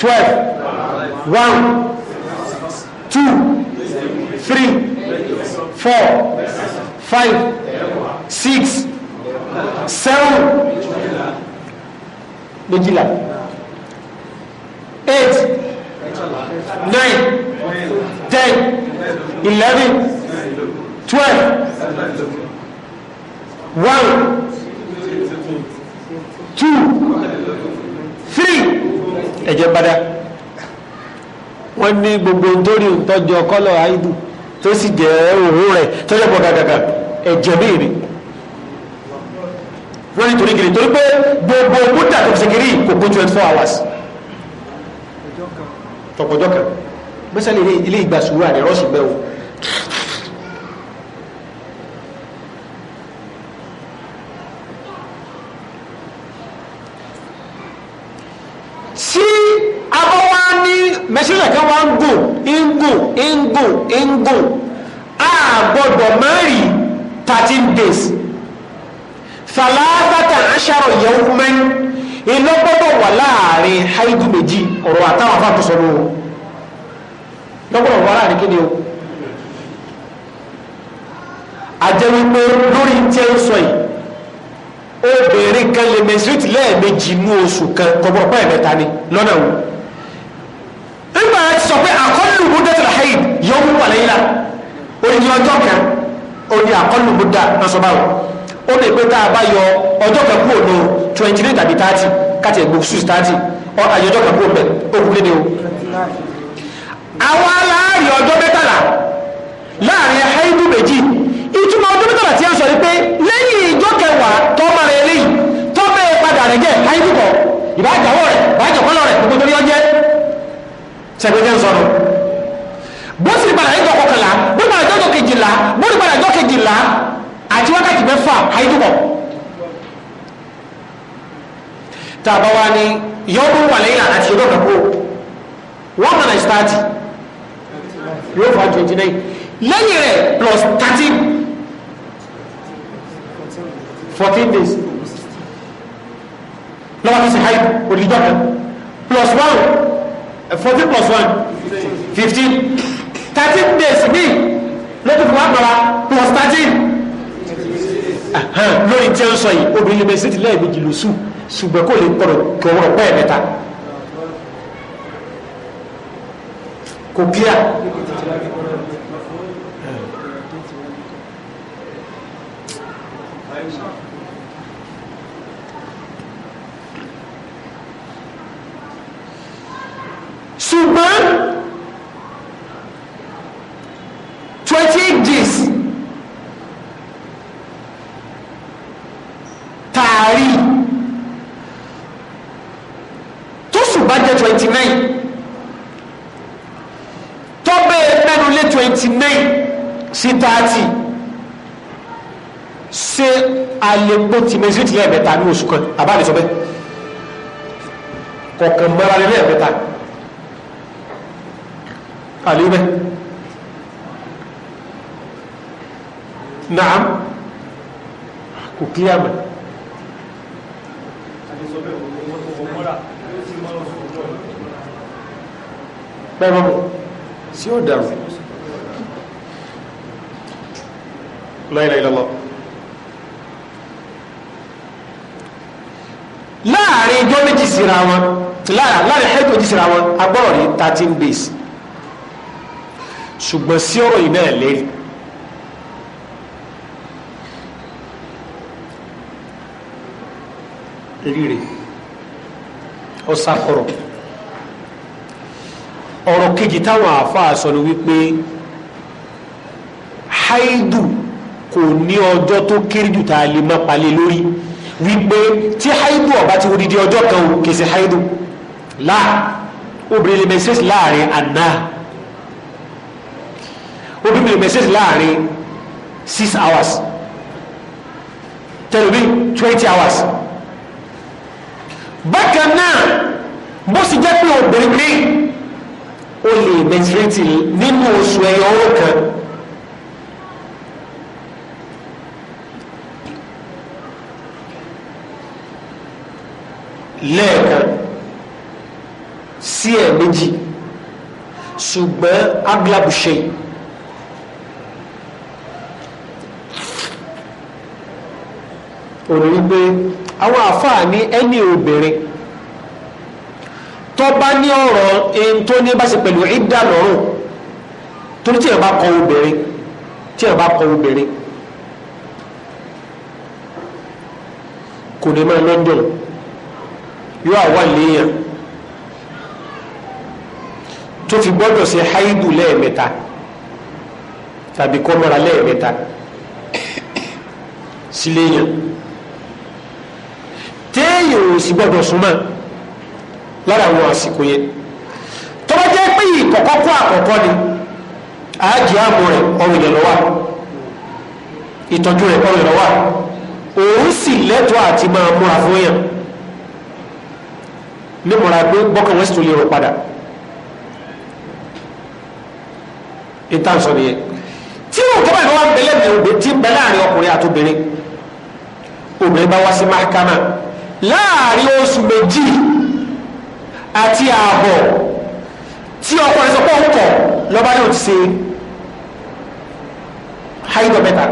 12 1 2 3 4 5 6 seven méjìlá eight nine ten eleven twelve one two three ẹ̀jẹ̀ padà wọ́n ní gbogbo nítorí ìtọ́jú ọkọ́lọ̀ àìdù tó sì jẹ́ òwú rẹ̀ tó jẹ́ pọ̀ kàkàkà ẹ̀jẹ̀ bèèrè lórí torí gírí torí pé gbogbo múdà tó fi gírí kò kó 24 hours tọ̀pọ̀jọ́ kan mẹ́sàn-án ilé ìgbà sùúrù àrẹ rọ́ọ̀sì bẹ́ẹ̀ o tí abọ́wá ní mẹ́sílẹ̀ kan wá ń gùn ń gùn ń gùn ń gùn a gbọ́dọ̀ mẹ́rin 13 days sàlábàtà aṣáàrọ̀ yawman iná gbọ́dọ̀ wà láàrin haidu méjì ọ̀rọ̀ àtàwọn afáàtò sọ́nù o lọ́gbọ̀dọ̀ wà láàrin kí ni o àjẹ́ wípé lórí tí ó sọ yìí obìnrin kan lè mẹsírìtì lẹ́ẹ̀mejì ní oṣù kan kọ̀bọ̀ pẹ́ mẹ́ta ni lọ́nà wo nígbà tí sọ pé àkọlù múdà tó haid yóò wà lẹ́yìn la oníjì ọjọ́ kan ó ní àkọlù múdà náà sọ báwọn ó lè pé tá a bá yọ ọjọ́ kan kúrò ní twenty nine tàbí thirty káti ẹ̀gbọ́n sùs thirty àyè ọjọ́ kan kúrò bẹ̀ òkú lédè o. àwọn aláàrí ọjọ́ mẹ́tàlá láàrin haidu méjì ìtumọ̀ ọjọ́ mẹ́tàlá ti ń sọ wípé lẹ́yìn ìjọ kẹwàá tọ́mọ rẹ eléyìí tọ́mọ ẹ padà rẹ jẹ haidu kọ ìbájáwọ rẹ ìbájọkọlọ rẹ gbogbo torí ọjẹ sẹgbẹjẹ ń sọ̀rọ̀ bó sì padà ẹjọ kọkànlá bó padà ẹjọ kejìlá bó padà ẹjọ kejìlá àti wákàtí mẹ́fà àìdúkọ̀ tàbá wa ni yọ́dún wà lẹ́yìn àti yọ́dún kàkó wọ́n mọ̀ náà stáàtì yóò fa twenty nine lẹ́yìn rẹ̀ plus thirteen fourteen days lọ́wọ́ fi ṣe high olùdíjọ́ kan plus one fourteen plus one fifteen thirteen days ní lọ́tún fún wa gbọ́ra plus thirteen lórí tí ó ń sọ yìí obìnrin lè bẹ sí ti lẹ́ẹ̀mejì lóṣù ṣùgbọ́n kò lè kọ̀rọ̀ kí ọwọ́ pẹ́ mẹ́ta kò clear. ṣùgbọ́n twenty days àárí tó ṣùgbà jẹ́ 29, nine tó bẹ́ẹ̀ mẹ́nu lé twenty nine sí thirty ṣé àlèpo tìmẹ̀sí tìlẹ̀ mẹ́ta ní oṣù kan àbáàlì sọ bẹ́ẹ̀ kọ̀ọ̀kan mọ́ra lẹ́lẹ́ mẹ́ta àlébẹ́ naam kò kílíàmù pẹ́ẹ́mọ́ sí ó dàrú láìláì lọ́lọ́ láàrin ijó méjì síra wọn láàrin ẹjọ́ méjì síra wọn agbọ́rọ̀ ní thirteen days ṣùgbọ́n sí ọ̀rọ̀ yìí náà lérí eré ọ̀sàkọ̀rọ̀ ọ̀rọ̀ kejì táwọn àáfàá sọ ni wípé haidu kò ní ọjọ́ tó kéré jù tá a lè má palẹ̀ lórí wípé tí haidu ọba ti wò dídí ọjọ́ kan ò kèsì haidu láà obìnrin lè mẹsẹ̀sì láàrin àná obìnrin lè mẹsẹ̀sì láàrin six hours tẹlomi twenty hours bákan náà bó sì jẹ́ pé obìnrin mi ó lè mẹtirẹ́tì nínú oṣù ẹyọ ọwọ́ kan lẹ́ẹ̀kan sí ẹ̀ẹ̀méjì ṣùgbọ́n agbábùṣe òní wípé àwọn àfáà ní ẹni obìnrin tọ́ba ní ọ̀rọ̀ ẹni tó ní bá ṣe pẹ̀lú ìdá lọ́rùn torí tí ẹ̀ bá kọ obìnrin tí ẹ̀ bá kọ obìnrin kò ní máa London yóò àwa léèyàn tó fi gbọ́dọ̀ ṣe haidu lẹ́ẹ̀mẹ́ta tàbí kọ́mọ́ra lẹ́ẹ̀mẹ́ta síléèyàn téèyàn ò sì gbọ́dọ̀ súnmọ́ lára àwọn àsìkò yẹn tó bá jẹ́ pé ìkọ̀kọ́ kó àkọ́kọ́ ni àájì ààbò rẹ̀ ọrùn ìdẹ̀ lọ́wọ́ ìtọ́jú rẹ̀ ọrùn ìdẹ̀ lọ́wọ́ òun sì lẹ́tọ̀ọ́ àti máa múra fún yàn nímọ̀ra pé bọ́kàn west lè rò padà ìtànsọ nìyẹn tí òun tó bá ìlú wa ń bẹ̀lẹ̀ mi òbí tí ń bẹ láàrin ọkùnrin àtòbìnrin obìnrin bá wá sí mákàmá láàrin oṣù méjì àti ààbọ̀ tí ọkọ rẹ̀ sọ pé òun kọ̀ lọ́ba yóò ti ṣe haidọ̀ mẹ́ta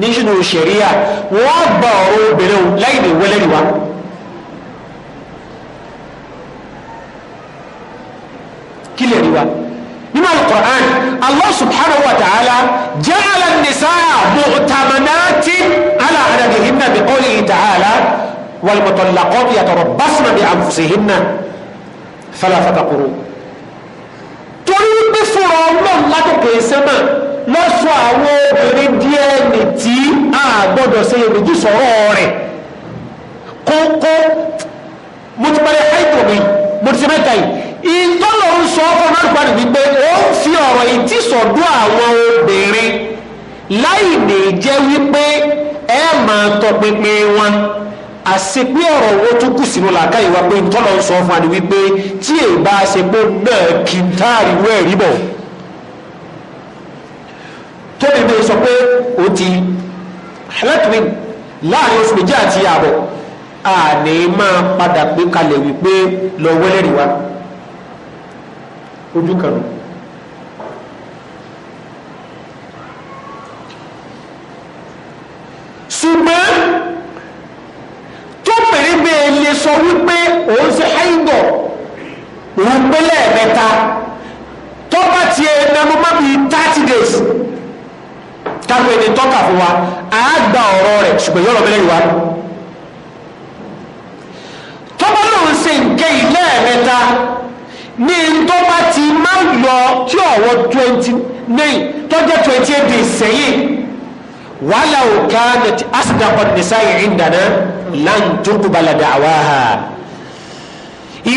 nínú ṣẹ̀ríà wọ́n gba ọ̀rọ̀ obìnrin láì lè wẹ́lẹ́rìí wa. kílẹ̀ rí wa nínú alukur'an allah subhanahu wa ta'ala ja'ala an-nisaa mu'tamanati. والمطلقات يتربصن بأنفسهن ثلاثة قروء torí pé fúnra ọlọ́run látòkè sẹ́mà lọ́sọ àwọn obìnrin díẹ̀ nì tí a gbọ́dọ̀ ṣe èròjú sọ̀rọ̀ rẹ̀ kókó mo ti parí àìtọ́ mi mo ti ṣe mẹ́ta yìí ìtọ́lọ̀ ń sọ fún ọlọ́run wípé ó ń fi ọ̀rọ̀ ìtì sọ̀dọ̀ àwọn obìnrin láì lè jẹ́ wípé ẹ máa tọpinpin wọn àṣepé ọ̀rọ̀ owó tó kù sínú làákàyè wa pé ntọ́lọ̀ ń sọ fún wa ni wípé tí èèbá àṣepé náà kì í táàrí wẹ́ẹ̀ rí bọ̀ tóbi bẹ́ẹ̀ sọ pé ó ti halatuwi láàrin oṣù méjì àti ààbọ̀ àní máa padà pé kalẹ̀ wípé lọ wẹ́lẹ́rìí wa ojú kan ṣùgbọ́n sópèrègbè lè sọ wípé òun ṣe háìbọ̀ òun gbé lẹ́ẹ̀mẹ́ta tó bá ti ẹ mẹ́mú má bíi thirty days táwọn ẹni tọ́ka fún wa á gba ọ̀rọ̀ rẹ̀ ṣùgbọ́n yọ̀rọ̀ mẹ́lẹ́ ìwà tó bá lòun ṣe nǹkẹ́ yìí lẹ́ẹ̀mẹ́ta ní tó bá ti máa yọ tí ọ̀wọ́ twenty nine tó jẹ́ twenty eight days sẹ́yìn walaw kanat asdaqan nisa'i indana lan tuqbala da'waha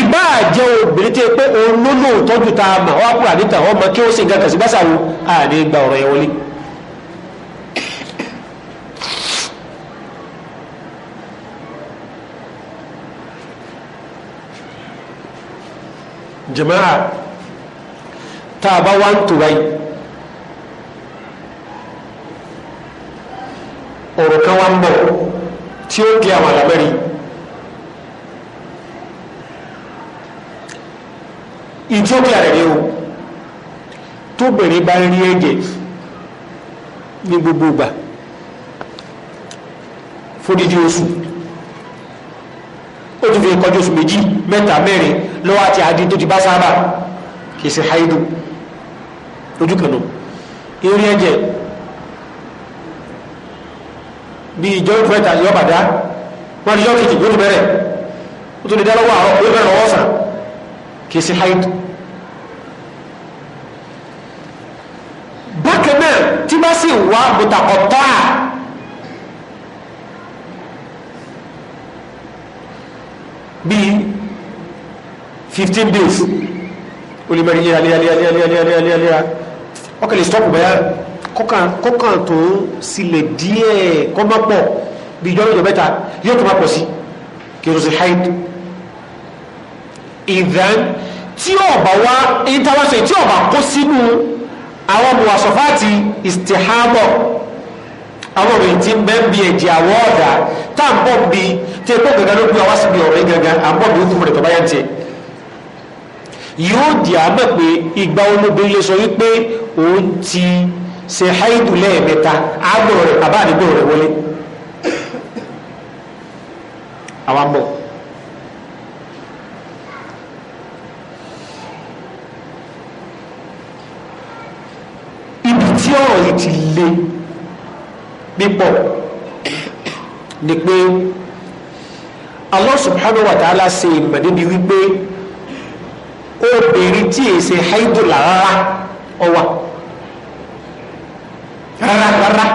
ìbá jẹ́ obìnrin tí pé òun ló lò tọ́jú ta mà wá kúrò àdìtà ọmọ kí ó sì nǹkan kàn sí bá sàrò gba ọ̀rọ̀ yẹn wọlé. jama'a tá a bá wá ń tòra ọ̀rọ̀ kan wá ń bọ̀ tí ó gé àwọn àlámẹ́rin ethiopia rẹ̀ ni o tóbìnrin bá rí ẹ̀jẹ̀ ní gbogbo ìgbà fódídí oṣù ó ti fi kọjú oṣù méjì mẹ́ta mẹ́rin lọ́wọ́ àti àdí tó ti bá sábà kìí ṣe haidu lójú kan náà eré ẹ̀jẹ̀ bí ìjọ ìfẹ́ta yọ bàdá wọn rí yọ kejì yóò tó bẹ̀rẹ̀ ó tó lè dá lọ́wọ́ àwọn yóò bẹ̀rẹ̀ ọwọ́ sàn kì í sí haid. bákan náà tí bá sì wá bùtàkọ̀tọ́ à bíi fifteen days olùmọ̀rin yíra léraléraléraléraléraléra ọkàn lè stop bẹ́ẹ̀ kọ́kàn tó ń sílẹ̀ díẹ̀ kọ́ má pọ̀ bí ìjọ́ ìjọ mẹ́ta yóò tó má pọ̀ sí kìrìsì haid ìdán tí ọba wá ìtawọ́sẹ̀ tí ọba kó sínú àwọn muwasọ̀fáàtì ìstìhábọ̀ àwọn ọ̀rọ̀ tí ń bẹ́ bí ẹ̀jẹ̀ àwọ̀ ọ̀dà tá à ń bọ̀ bí tí epo gangan ló gbé ọwọ́ síbi ọ̀rọ̀ yìí gangan à ń bọ̀ bí ó fún rẹ̀ tó bá yá tiẹ̀ yóò di àmọ́ pé ìgbà olóbìnrin lè sọ wípé òun ti ṣe haidu lẹ́ẹ̀mẹ́ta agbóhùn rẹ̀ bàbá àdúgbò rẹ̀ wọlé àwọn bọ̀. ibi tí ọ̀rọ̀ yìí ti le pípọ̀ ni pé Allah subhanahu wa ta'ala ṣe ìmọ̀débi wípé obìnrin tí èsè haidu làrá ọwà rárára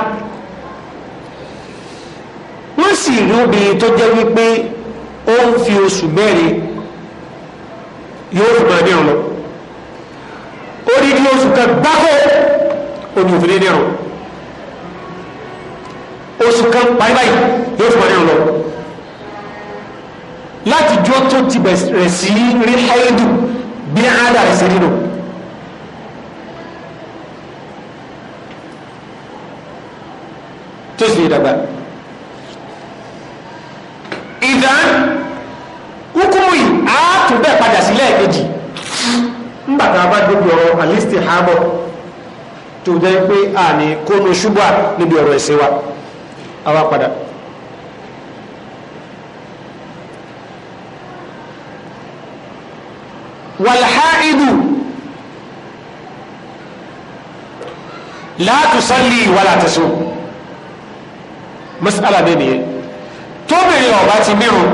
wọ́n sì rí obìnrin tó jẹ́ wípé ó ń fi oṣù mẹ́rin yóò fi máa ní ọ̀rọ̀ ó rí ní oṣù kan gbáko ó ní òfin ní ọ̀rọ̀ oṣù kan parí báyìí yóò fi máa ní ọ̀rọ̀ láti jọ́ tó ti bẹ̀rẹ̀ sí rí haidu bí ádà rẹ̀ nínú. tó sì dàgbà. ìdá hukumu yìí á tún bẹ́ẹ̀ padà sí lẹ́ẹ̀kejì nígbà tá a bá dóbi ọ̀rọ̀ alisti hamọ tó jẹ́ pé àní kóno ṣubúà níbi ọ̀rọ̀ ẹ̀sìn wa àwa padà. والحائض لا تصلي ولا تصوم masala bẹ́ẹ̀ nìyẹn tóbìnrin ọba ti mírun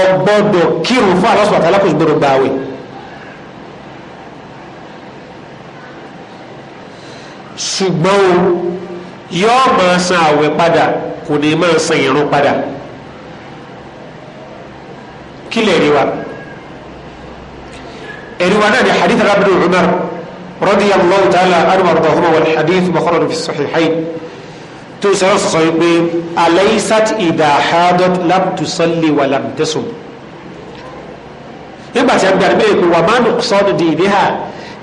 ọgbọ́dọ̀ kírun fún alọ́sùn àtàlà kò gbọ́dọ̀ gbààwẹ̀ ṣùgbọ́n o yóò máa san àwẹ̀ padà kò ní máa san ìrun padà kí lè rí wa ẹ̀rí wa náà ni hadith arábìnrin Umar radiyallahu ta'ala anhu wa rahmahu hadith mọ̀kọ́rọ̀ fi sahihayn tó sọ́rọ̀ sọ́sọ́ wípé alaysat idha hadat lam tusalli wa lam tasum nígbà tí a gbé àdúgbò ìpè wà má nù sọ́dún di ìdíhà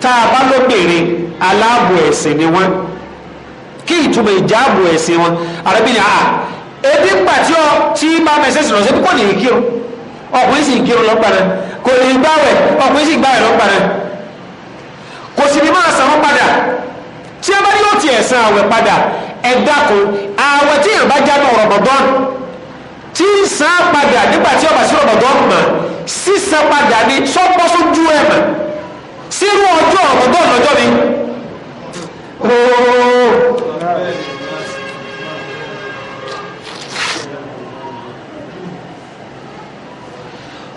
tá a bá lóbìnrin aláàbò ẹ̀sìn ni wọ́n kí ìtumọ̀ ìjáàbò ẹ̀sìn wọn arábìnrin àà ebi ń gbà tí ọ tí bá mẹsẹ̀sì lọ sí kò ní kírun ọkùnrin sì kírun lọ́gbàdàn kò ní gbàwẹ̀ ọkùnrin sì gbàwẹ̀ lọ́gbàdàn kò sì ní máa sàn wọ́n padà tí a bá ní yóò ti ẹ̀sán àwẹ̀ padà ẹ̀dá kan ààwẹ̀ tí yàn bá jáde Ramadan tí ń san padà nígbà tí ọba sí Ramadan mà sísan padà ní sọ́pọ́sójú ẹ̀ mà sírú ọjọ́ Ramadan lọ́jọ́ mi.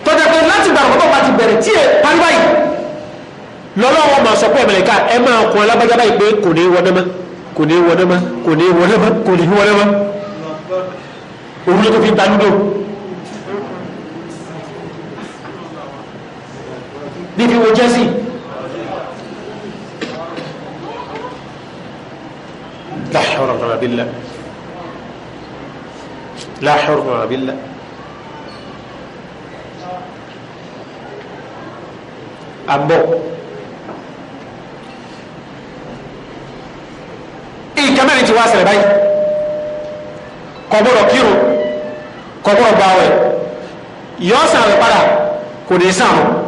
tọ́jà pé láti gbà Ramadan bá ti bẹ̀rẹ̀ tí ẹ parí báyìí lọ́lọ́wọ́ máa sọ pé ẹ̀mẹ̀lẹ̀ká ẹ máa kún alábàjá báyìí pé kò ní wọnú mọ́ kò ní wọlé mọ́ kò ní wọlé mọ́ kò ní wọlé mọ́ òun tó fi ń ta lúdò ní fi wo jẹ́sì láhùrù rọ̀bìlá láhùrù rọ̀bìlá àbọ̀. nǹkan mẹ́rin ti wá ṣẹlẹ̀ báyìí kò gbọ́dọ̀ kírun kò gbọ́dọ̀ gbààwẹ̀ yọ sàn rẹ̀ padà kò ní sàn rún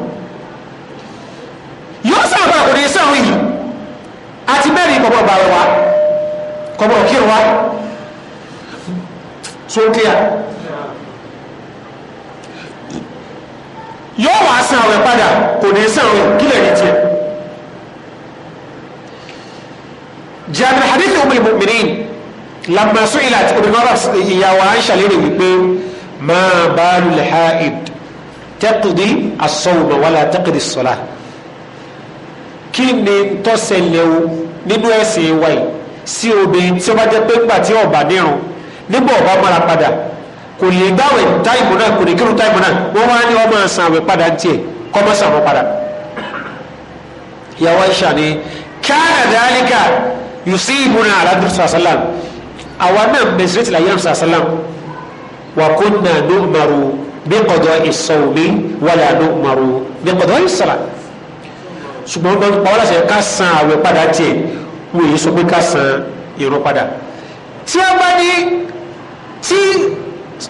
yọ sàn rẹ̀ padà kò ní sàn rún yìí àti mẹ́rin kò gbọ́dọ̀ gbààwẹ̀ wá kò gbọ́dọ̀ kírun wá so clear yọ wá sàn rẹ̀ padà kò ní sàn rún kílẹ̀ ní tiẹ̀. جاء من حديث أم المؤمنين لما سئلت ابن يا وعائشة لين يقول ما بال الحائض تقضي الصوم ولا تقضي الصلاة kí ni tó ṣẹlẹ̀ o nínú ẹ̀sìn wa yìí sí obìnrin tí ó bá jẹ́ pé ńgbà tí ọba nírun nígbà ọba mọ́ra padà kò lè gbàwẹ̀ táìmù náà kò lè kírun táìmù náà wọ́n wá ní ọmọ àṣà padà ń tiẹ̀ kọ́ mọ́ padà. ìyàwó Aisha ni káàdà dálíkà yusibuna aladun sasalam àwa náà mẹsirẹti la yẹn sasalam wa kunna nu'maru bi qada'i as-sawmi wala nu'maru bi qada'i as-salat ṣùgbọ́n bá ń pa wọ́lá sẹ ká san àwẹ̀ padà tiẹ̀ wọ́n yìí sọ pé san irun padà tí a bá ní tí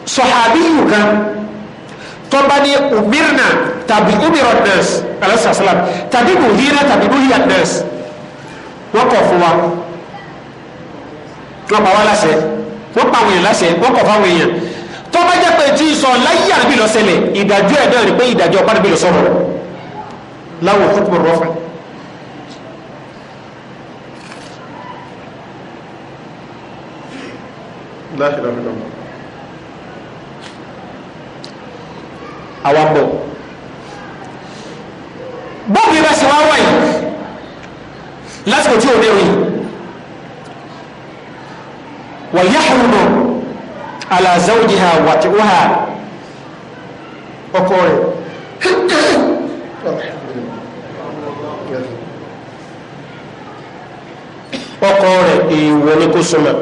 sọ̀hábíyù kan tọ́ba ní umirna tàbí umiran nas alayhi salam tàbí nuhira tàbí nuhiya nas wọ́n fún wa tó pa wá láṣẹ wọ́n pa àwọn èèyàn láṣẹ wọ́n kọ̀ fáwọn èèyàn tó bá jẹ́ pé tí ń sọ láyé àbí lọ ṣẹlẹ̀ ìdájọ́ ẹ̀dọ́ rẹ̀ pé ìdájọ́ ọ̀pá níbi lọ sọ̀rọ̀ láwọn òkúkú rọ́fà awapọ̀ bọ́ọ̀bù ibà sì wá wáyé lásìkò tí ò ní òyìn wàyáhùnù alàzáwòjìhà wàtíwáhà ọkọ rẹ̀ ọkọ rẹ̀ èèwọ̀ ní kó súnmọ́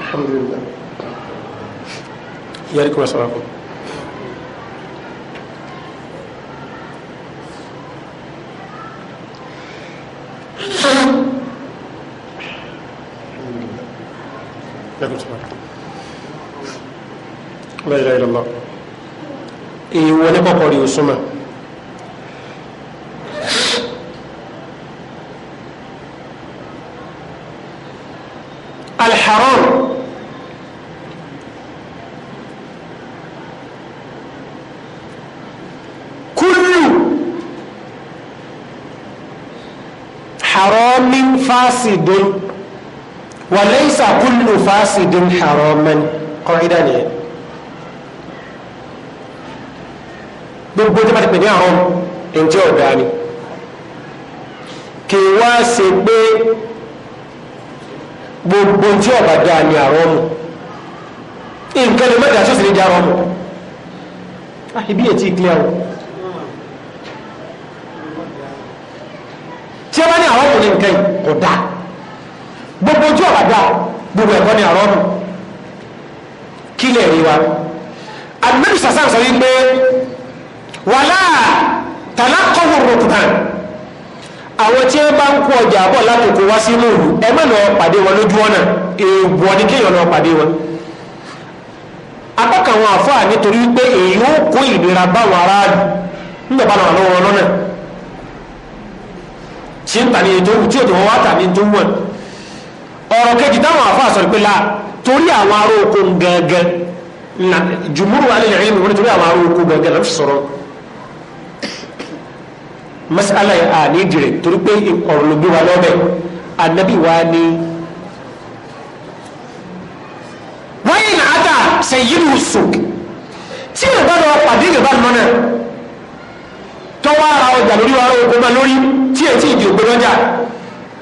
alhamdulillah yẹ́rìkú wà لا إله إلا الله إيه ونبا قولي وسمى الحرام كل حرام فاسد وليس كل فاسد حراما قاعدة ليه gbogbo tí wọ́n ti pè ní àrùn ẹ̀ǹtí ọ̀dà ni kì í wá ṣe pé gbogbo tí ọ̀bà dáa ni àrùn mu nǹkan lè mẹ́ta tí ó sì ní di àrùn mu ah, ibi ètí ìpínlẹ̀ o tí a bá ní àwọn ọkùnrin nǹkan yìí kò dáa gbogbo ojú ọ̀rọ̀ dáa gbogbo ẹ̀kọ́ ni àrọ́ mu kí lè rí wa àdìmẹ́bí sàṣà sọ wípé wàlá tàlákọ̀wò rọ̀kùtàn àwọn tí wọ́n bá ń kó ọjà bọ̀ látòkò wá sínú ìlú ẹ má lọ pàdé wọn lójú ọ̀nà èèwọ̀ ni kéèyàn lọ pàdé wọn apá kan àwọn àfáà nítorí pé èyí ó kó ìnira báwọn aráàlú nígbà bá lọ́wọ́ lọ́nà tí ń tàní ètò tí wá tàní tó ọ̀rọ̀ kejì táwọn àfáà sọ̀rọ̀ pé masala yẹn a ní ìdìrẹ torí pé ọ̀rọ̀ ló bí wa lọ́bẹ̀ anabi wa ni. wáyé ní ata sẹ́yìn wùsùn tí yóò bá lọ pàdé yóò bá lọ ara ọjà lórí wa ogun ma lórí tí etí ìdí ògbé lọ́jà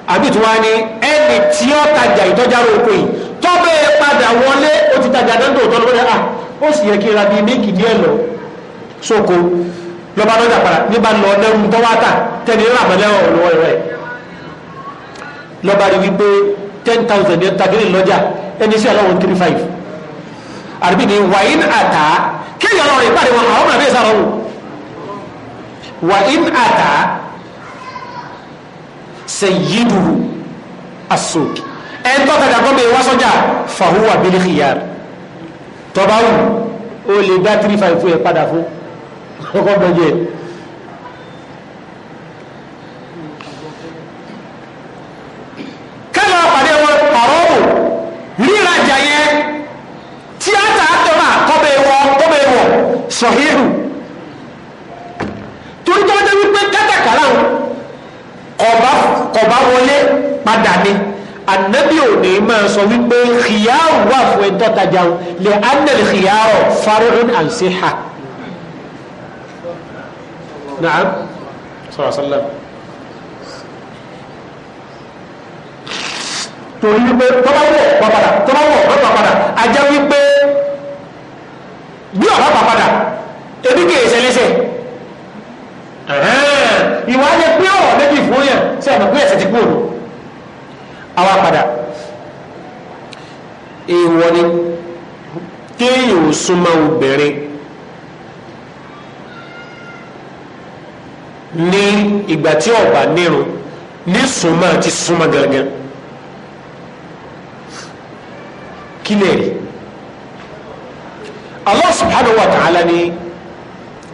àbí tí wọ́n á ní ẹni tí ó tajà ìtọ́jà oko yìí tọ́bẹ̀ padà wọlé ó ti tajà dáńtò tọ́lọ́dọ́ à ó sì yẹ kí n ra bíi mílíkì díẹ̀ lọ sóko lọba lọjà padà níbà lọ lẹrú tọwátà tẹni rà mọ lẹwọ lọ́wọ́ rẹ̀ lọba rí wípé ten thousand yẹn tagiri lọjà ẹni sí ọlọ́run three five àdìbí ni wàyín àtà kéèyàn lọrọ ìpàdé wọn àwọn ọmọ àbẹ́sà rọrùn wàyín àtà sayyiduhu as-suq ẹn tó tẹ̀lé àgọ́ mi wá sọ́jà fahuwa bil khiyar tọ́ba wù ó lè dá three five fún ẹ padà fún kọ́kọ́ bẹ̀jẹ̀ kẹ́lọ́ pàdé wọn ọ̀rọ̀ wò rírajà yẹn tíátà àtọ́mà kọ́bẹ̀ wọ kọ́bẹ̀ wọ sọ̀hírù torí tó wájú wípé kátàkárà kọ̀bá wọlé padà ni anabi ò ní máa sọ wípé khiyar wà fún ẹ̀ tọ́tajà lè anel khiyar farun and siha. نعم صلى الله عليه وسلم torí wípé tọ́láwọ̀ pàpàdà tọ́láwọ̀ ọ̀rọ̀ pàpàdà ajá wípé bí ọ̀rọ̀ pàpàdà ebi kèrè sẹlẹ́sẹ̀ ìwà ayé pé ọ̀rọ̀ méjì fún yẹn sí àmì pé ẹ̀sẹ̀ ti kú òru àwa padà èèwọ̀ ni kéèyàn ò súnmọ́ obìnrin ní ìgbà tí ọba nírun ní súnmọ́ àti súnmọ́ gangan kí lè rí Allah subhanahu wa ta'ala ni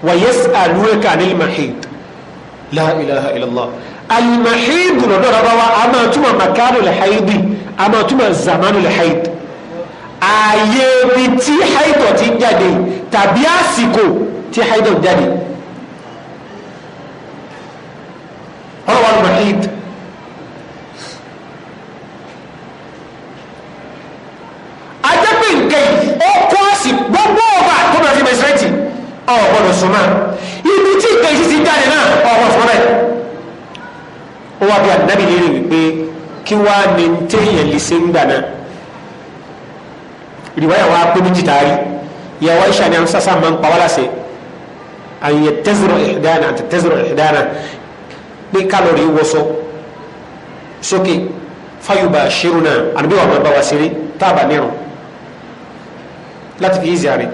wa yas'alunaka anil mahid la ilaha illallah alimahidu lọ́dọ̀ rabawa a máa túmọ̀ makanu lahaidi a máa túmọ̀ zamanu lahaidi ààyè ibi tí haidọ̀ ti jáde tàbí àsìkò tí haidọ̀ jáde. tawhid ajẹ́pẹ̀ nǹkan yìí ó kọ́ sí gbogbo ọba tó bẹ̀rẹ̀ sí mẹsẹ̀rẹ́tì ọ̀gbọ́dọ̀ súnmọ́ ibi tí nǹkan yìí ti jáde náà ọ̀gbọ́dọ̀ súnmọ́ bẹ́ẹ̀ ó wá bí ànábì léèrè wípé kí wá ní téèyàn lè ṣe ń gbà náà riwaya wa pé méjì taari ìyàwó aisha ni àwọn sasa máa ń pa wá láṣẹ àyè tẹ́sírò ìdáná àti tẹ́sírò ìdáná pé kálọ̀rì wọ́sọ sókè fáyọ̀bà ṣerú náà àdúgbò àwọn bá wa ṣeré táàbà mẹ́rùn láti fi ìzì àrẹ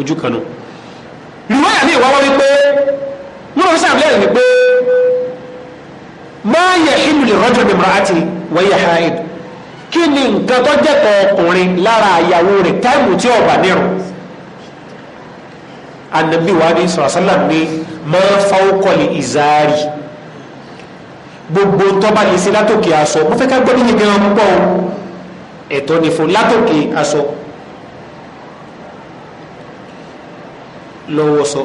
ojú kan nù. lùwáyà ní ìwáwá wípé wọn lọ sáà lẹ́yìn wípé máa yẹ ìlú lè rọ́jò bìmọ̀ àti wáyà haid kí ni nǹkan tó jẹ́tọ̀ ọkùnrin lára àyàwó rẹ̀ táìmù tí ọ̀bà mẹ́rùn anabi wa ni sọ̀rọ̀ sálàm ni máa fáwọ́kọ̀lì ìzáàrì gbogbo tọ́ba lè ṣe látòkè aṣọ mo fẹ́ ká gbọ́ níyẹn gan púpọ̀ o ẹ̀tọ́ ni fún látòkè aṣọ lọ́wọ́sọ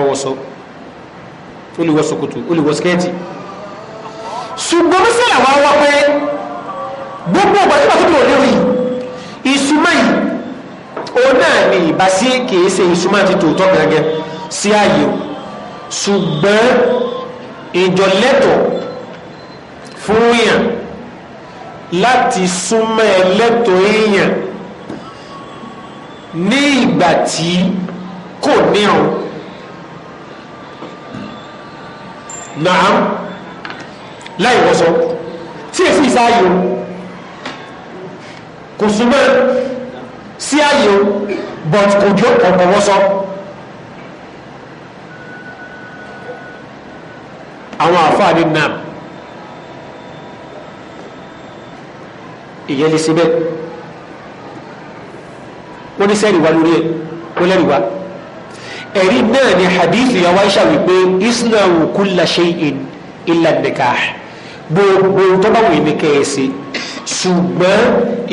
ọwọ́sọ ó lè wọ ṣòkòtò ó lè wọ skẹ́ẹ̀tì ṣùgbọ́n mẹ́sàn-án àwọn wá pé gbogbo ọgbà tí bàtúbù ò lérí ìsúmọ́ yìí òun náà ni ìbásí kìí ṣe ìsúmọ́ àti tòótọ́ gẹ́gẹ́ sí ààyè o ìjọlẹ́tọ̀ fún èèyàn láti súnmọ́ ẹlẹ́tọ̀ èèyàn ní ìgbà tí kò níhàn náà láì wọ́sọ tí èsì ìsáyò kò súnmọ́ sí àyò but kò jó ọ̀pọ̀ wọ́sọ. àwọn àfa ní nam ìyẹn lè ṣe bẹ́ẹ̀ wọ́n ní sẹ́ẹ̀rì wa lórí ẹ̀ wọ́n lẹ́rìí wa ẹ̀rí náà ni hadith yà wáyé ṣàwípé isnahu kulla shay'in illa nikah gbogbo tó bá wù ní kẹ́ẹ̀sì ṣùgbọ́n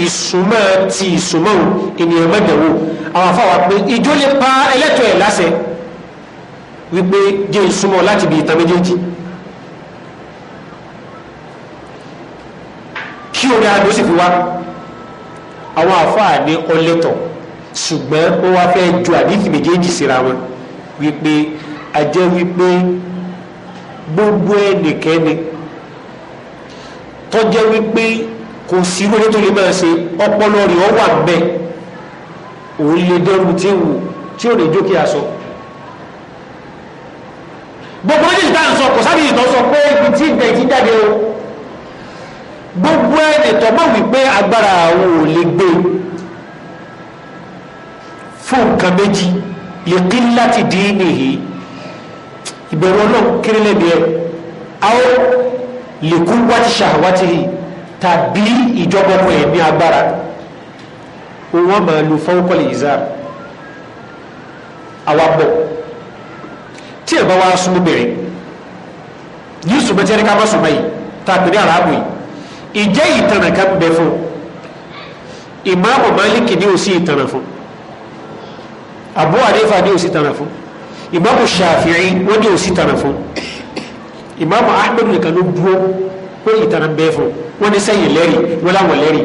ìsúnmọ́ ti ìsúnmọ́ ènìyàn mẹ́jọ̀wò àwọn afáwà pé ìjọ lè pa ẹlẹ́tọ̀ ẹ̀ láṣẹ wípé jẹ́ ìsúnmọ́ láti bí ìtàn méjèèjì kí omi àdó sì fi wá àwọn àfáà ní ọlẹ́tọ̀ ṣùgbọ́n ó wá fẹ́ ju àdífì méjèèjì síra wọn wípé ajẹ́ wípé gbogbo ẹnìkẹ́ni tọ́jẹ́ wípé kò sí wọlé tó lè máa ṣe ọpọlọ rẹ̀ ọ wà bẹ́ẹ̀ òun lè dẹrù tí wù tí ò lè jókè aṣọ gbogbo méjèèjì tá à ń sọ kò sábìyì tó sọ pé ibi tí ìgbà ìtí jáde o. gbogbo ẹni tó bá wípé agbára àwọn ò lè gbé fún nǹkan méjì lè kí láti dín nìyí ìbẹ̀rù ọlọ́run kéré lẹ́bi ẹ àwọn lè kú wáti ṣàwátì tàbí ìjọba ọmọ ẹ̀mí agbára òun ọmọ lu fọwọ́kọ́lì ìzáàmù àwa tí bá wá yìí tàbí ní àràbù ìjẹ́ ìtànà ká ń bẹ fún ìmáàmù Málíkì ní òsì ìtànà fún Abu Hanifa ní òsì ìtànà fún ìmáàmù Shafi'i wọ́n ní òsì ìtànà fún ìmáàmù Ahmed nìkan ló dúró pé ìtànà ń bẹ fún wọ́n ní sẹ́yìn lẹ́rì wọ́n láwọn lẹ́rì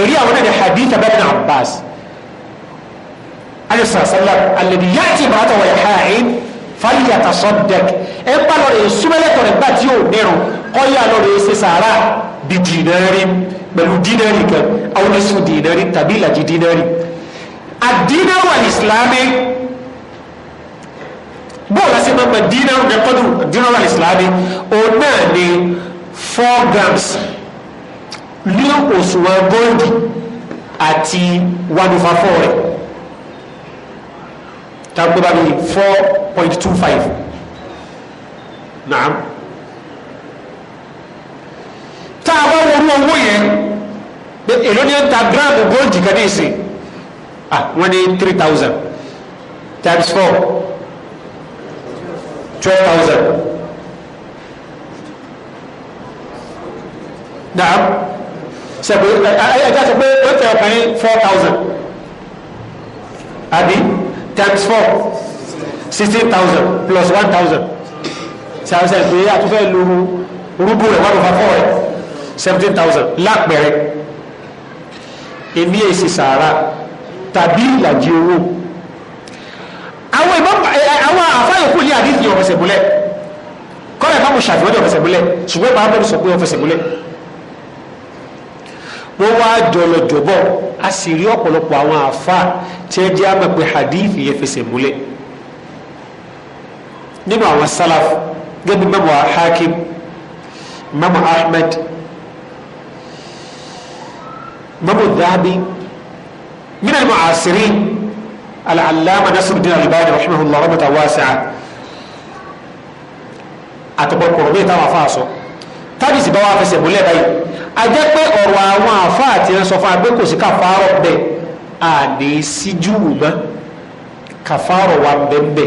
èrí àwọn náà ní hadith abẹ́rẹ́ náà Abbas alisalasalam alẹ́bí yáàtì ìbáratọ̀ wọ̀ ẹ̀ ha ẹ̀ fàlìyàtà sọ́dẹ̀k ẹ̀ ń bá lọ́rẹ̀ kọ́yà lọ́rọ̀ yìí ṣe sàárà bí dìnnẹ́rì pẹ̀lú dínẹ́rì kan àwọn oníṣù dínẹ́rì tàbí ìlàjì dínẹ́rì àdínẹ́rù àlìsìlámì bóòlù àti mọ̀mọ́ dínẹ́rù nẹ́kọ́dù dínẹ́rù àlìsìlámì o náà ni four grams ní òṣùwọ̀n góòdì àti one over four rẹ̀ tàbí bá mi four point two five naam tá a bá wọnú owó yẹn èló ni ta gíráàmù góòjì kan ní ìsìn ah wọ́n ní three thousand times four twelve thousand naam sẹ́pẹ́ ẹ ẹ sọ pé ó tẹ ọkàn ní four thousand àbí times four sixteen thousand plus one thousand ṣàṣẹ pé àtúfẹ́ lu rúbù rẹ̀ wọ́n lò fà fọ́ rẹ̀ seventeen thousand lápẹ̀rẹ̀ èmi èsì sàárà tàbí ìlàjì owó àwọn ìbọn àwọn àfáyòkú ilé àdíjì ọ̀fẹsẹ̀ múlẹ̀ kọ́lá ìbámu ṣàfihàn ọ̀fẹsẹ̀ múlẹ̀ ṣùgbọ́n ìbámu bẹ́ẹ̀ sọ pé ọ̀fẹsẹ̀ múlẹ̀ wọ́n wá jọlọ jọ̀bọ̀ a sì rí ọ̀pọ̀lọpọ̀ àwọn àfa tí ẹ jẹ́ àmọ̀ pé hadith yẹn fẹsẹ̀ múlẹ̀ nínú àwọn sálàf gẹ́gẹ́ bí mẹ́mọ̀ hakim mẹ́mọ̀ ahmed mọ́mú dábí min al-mu'asirin al-allama nasiruddin al-albani rahimahullah rahmata wasi'a àtọ̀pọ̀pọ̀ bí táwọn afá sọ tàbí sì bá wà fẹsẹ̀ múlẹ̀ báyìí a jẹ́ pé ọ̀rọ̀ àwọn afá àti ẹ̀sọ́ fún agbé kò sí kàfárọ̀ bẹ́ẹ̀ a ní síjú wùgbọ́ kàfárọ̀ wà bẹ́ẹ̀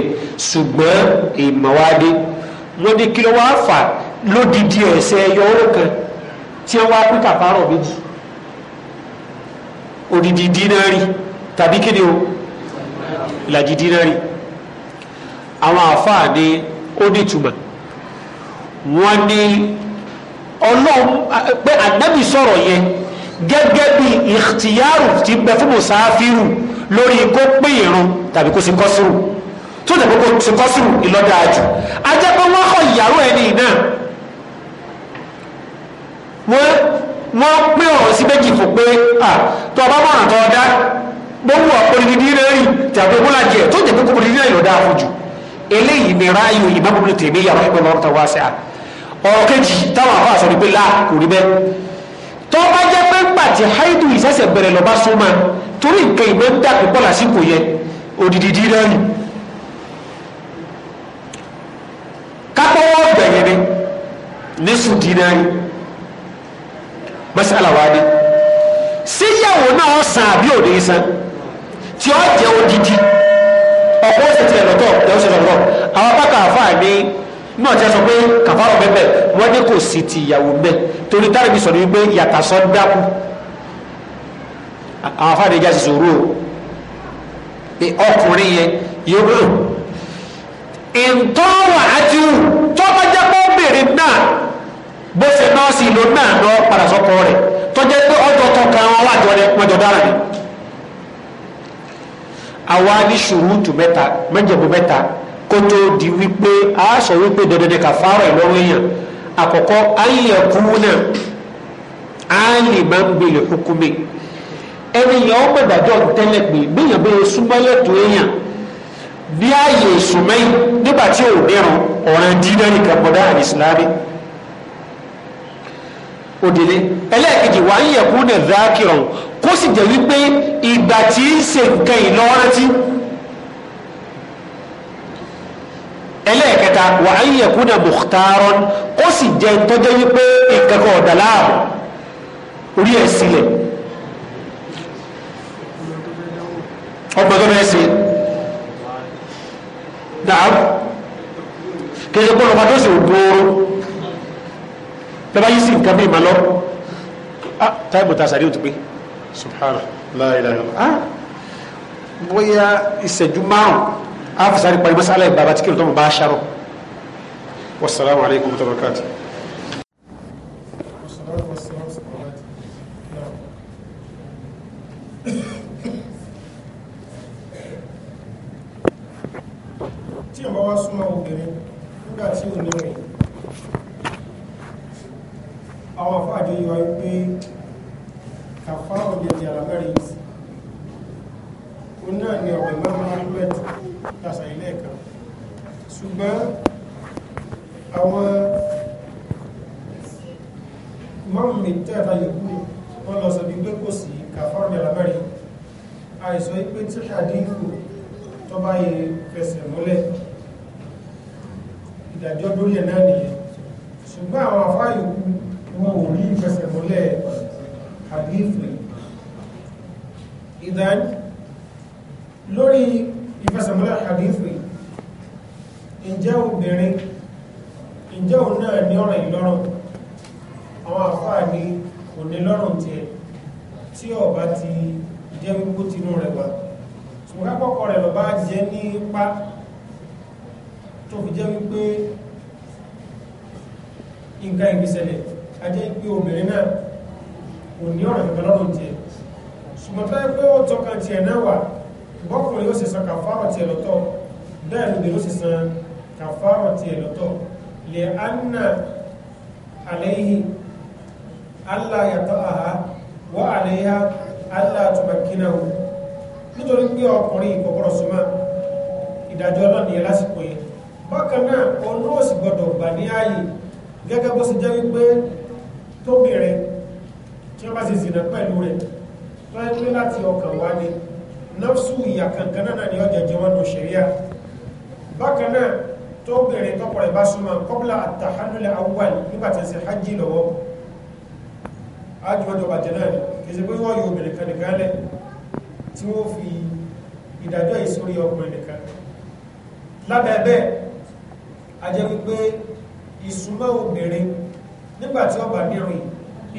ṣùgbọ́n ìmọ̀wádé wọ́n ní kí ló wá fà lódìdí ẹ̀sẹ̀ ẹyọ oró tí wọ́n wá pín kàfárọ̀ méjì odidi dínárì tàbí kí ni o ìlàjì dínárì àwọn àfáà ni ó ní ìtumọ̀ wọ́n ní ọlọ́run pé ànábì sọ̀rọ̀ yẹn gẹ́gẹ́ bí ìtìyàrù ti bẹ fún mùsáfírù lórí kó pé ìrun tàbí kó sì kọ́sùrù tó tẹ̀ kó sì kọ́sùrù ìlọ́dà àjù ajẹ́ pé wọ́n kọ ìyàrá ẹni náà wọ́n wọ́n pín ọ̀rọ̀ sí méjì pé à tó ọba mọ̀ àtọ́ ọ̀dá gbogbo àpòlìdí rẹ́rì tàbí ogún tó jẹ́ gbogbo àpòlìdí rẹ́rì lọ́dá àfojú eléyìí ni ráàyò ìmáàmù ní tèmi yàrá ìpè lọ́rọ̀ tó wá ọ̀rọ̀ kejì táwọn àfa àṣọ ni kò rí bẹ́ẹ̀ tó bá jẹ́ pé ńgbà haidu ìṣẹ̀ṣẹ̀ bẹ̀rẹ̀ lọ́ba súnmọ́ torí nǹkan ìgbẹ́ masala wa ni síyàwó náà wọ́n san àbí òde yìí san tí ó jẹ́ odidi ọ̀pọ̀ ṣe tiẹ̀ lọ́tọ̀ ìyàwó ṣe lọ́tọ̀ àwọn apákà àfáà ní náà ti sọ pé kàfárọ̀ bẹ́ẹ̀ bẹ́ẹ̀ wọ́n ní kò sí ti ìyàwó bẹ́ẹ̀ torí táwọn ibi sọ̀rọ̀ wípé yàtà sọ dákú àwọn afáà ní ìjà sì sòrò o pé ọkùnrin yẹn yóò gbọ́dọ̀ ìtọ́wà àti tọ́bajẹ́pọ̀ bèrè náà bó ṣe nọ́ọ̀sì ló náà lọ padà sọ́kọ rẹ̀ tó jẹ́ pé ọjọ́ tó kan wọn wájọ rẹ̀ pọ́njọ dára ni. àwa ní ṣùrùtù mẹ́ta mẹ́jẹ̀bù mẹ́ta kó tó di wípé a sọ wípé dandandan kà fárọ̀ ìlọrin èèyàn àkọ́kọ́ ayẹ̀kúnà aliman bil hukumi ẹni yẹn ọgbẹ́ ìdájọ́ tẹ́lẹ̀ pé bíyàn bẹ́ẹ̀ súnmọ́lẹ̀ tó èèyàn bí ààyè ìsúnmẹ́yìn nígbà tí ò dẹrùn ọ̀ràn dídá nìkan bọ́dá àdìsílámì òdìlé ẹlẹ́ẹ̀kejì wà ń yẹ̀kú nẹ̀ dákìrọ̀ kó sì jẹ́ wípé ìgbà tí ń ṣe nǹkan ìlọ́rántí ẹlẹ́ẹ̀kẹta wà ń yẹ̀kú nẹ̀ mùkútàárọ̀ kó sì jẹ́ tọ́jọ́ wípé nǹkan kan ọ̀dà láàbù orí ẹ̀ sílẹ̀ ọgbọ́n tó bẹ́ẹ̀ ṣe dàá kí ẹ kó lọ́ba tó sì gbòòrò tẹ́bá yìí sì nǹkan bí ìmọ̀ lọ ah táìmù ta sàrí òtún pé subhana láìláì ah bóyá ìṣẹ́jú márùn áfisàrí parí masala ìbára tí kìrìtọ́mù bá ṣàrọ̀ wasalaamu alaykum wa rahmatulahi. tí ọmọ wa súnmọ́ obìnrin nígbà tí ò ní rìn àti yọ wípé kàfá ọ̀dẹ̀ ti alamẹ́rì ó náà ni ọ̀rọ̀ ìmọ̀ ahmed tàṣà ilé ẹ̀ka ṣùgbọ́n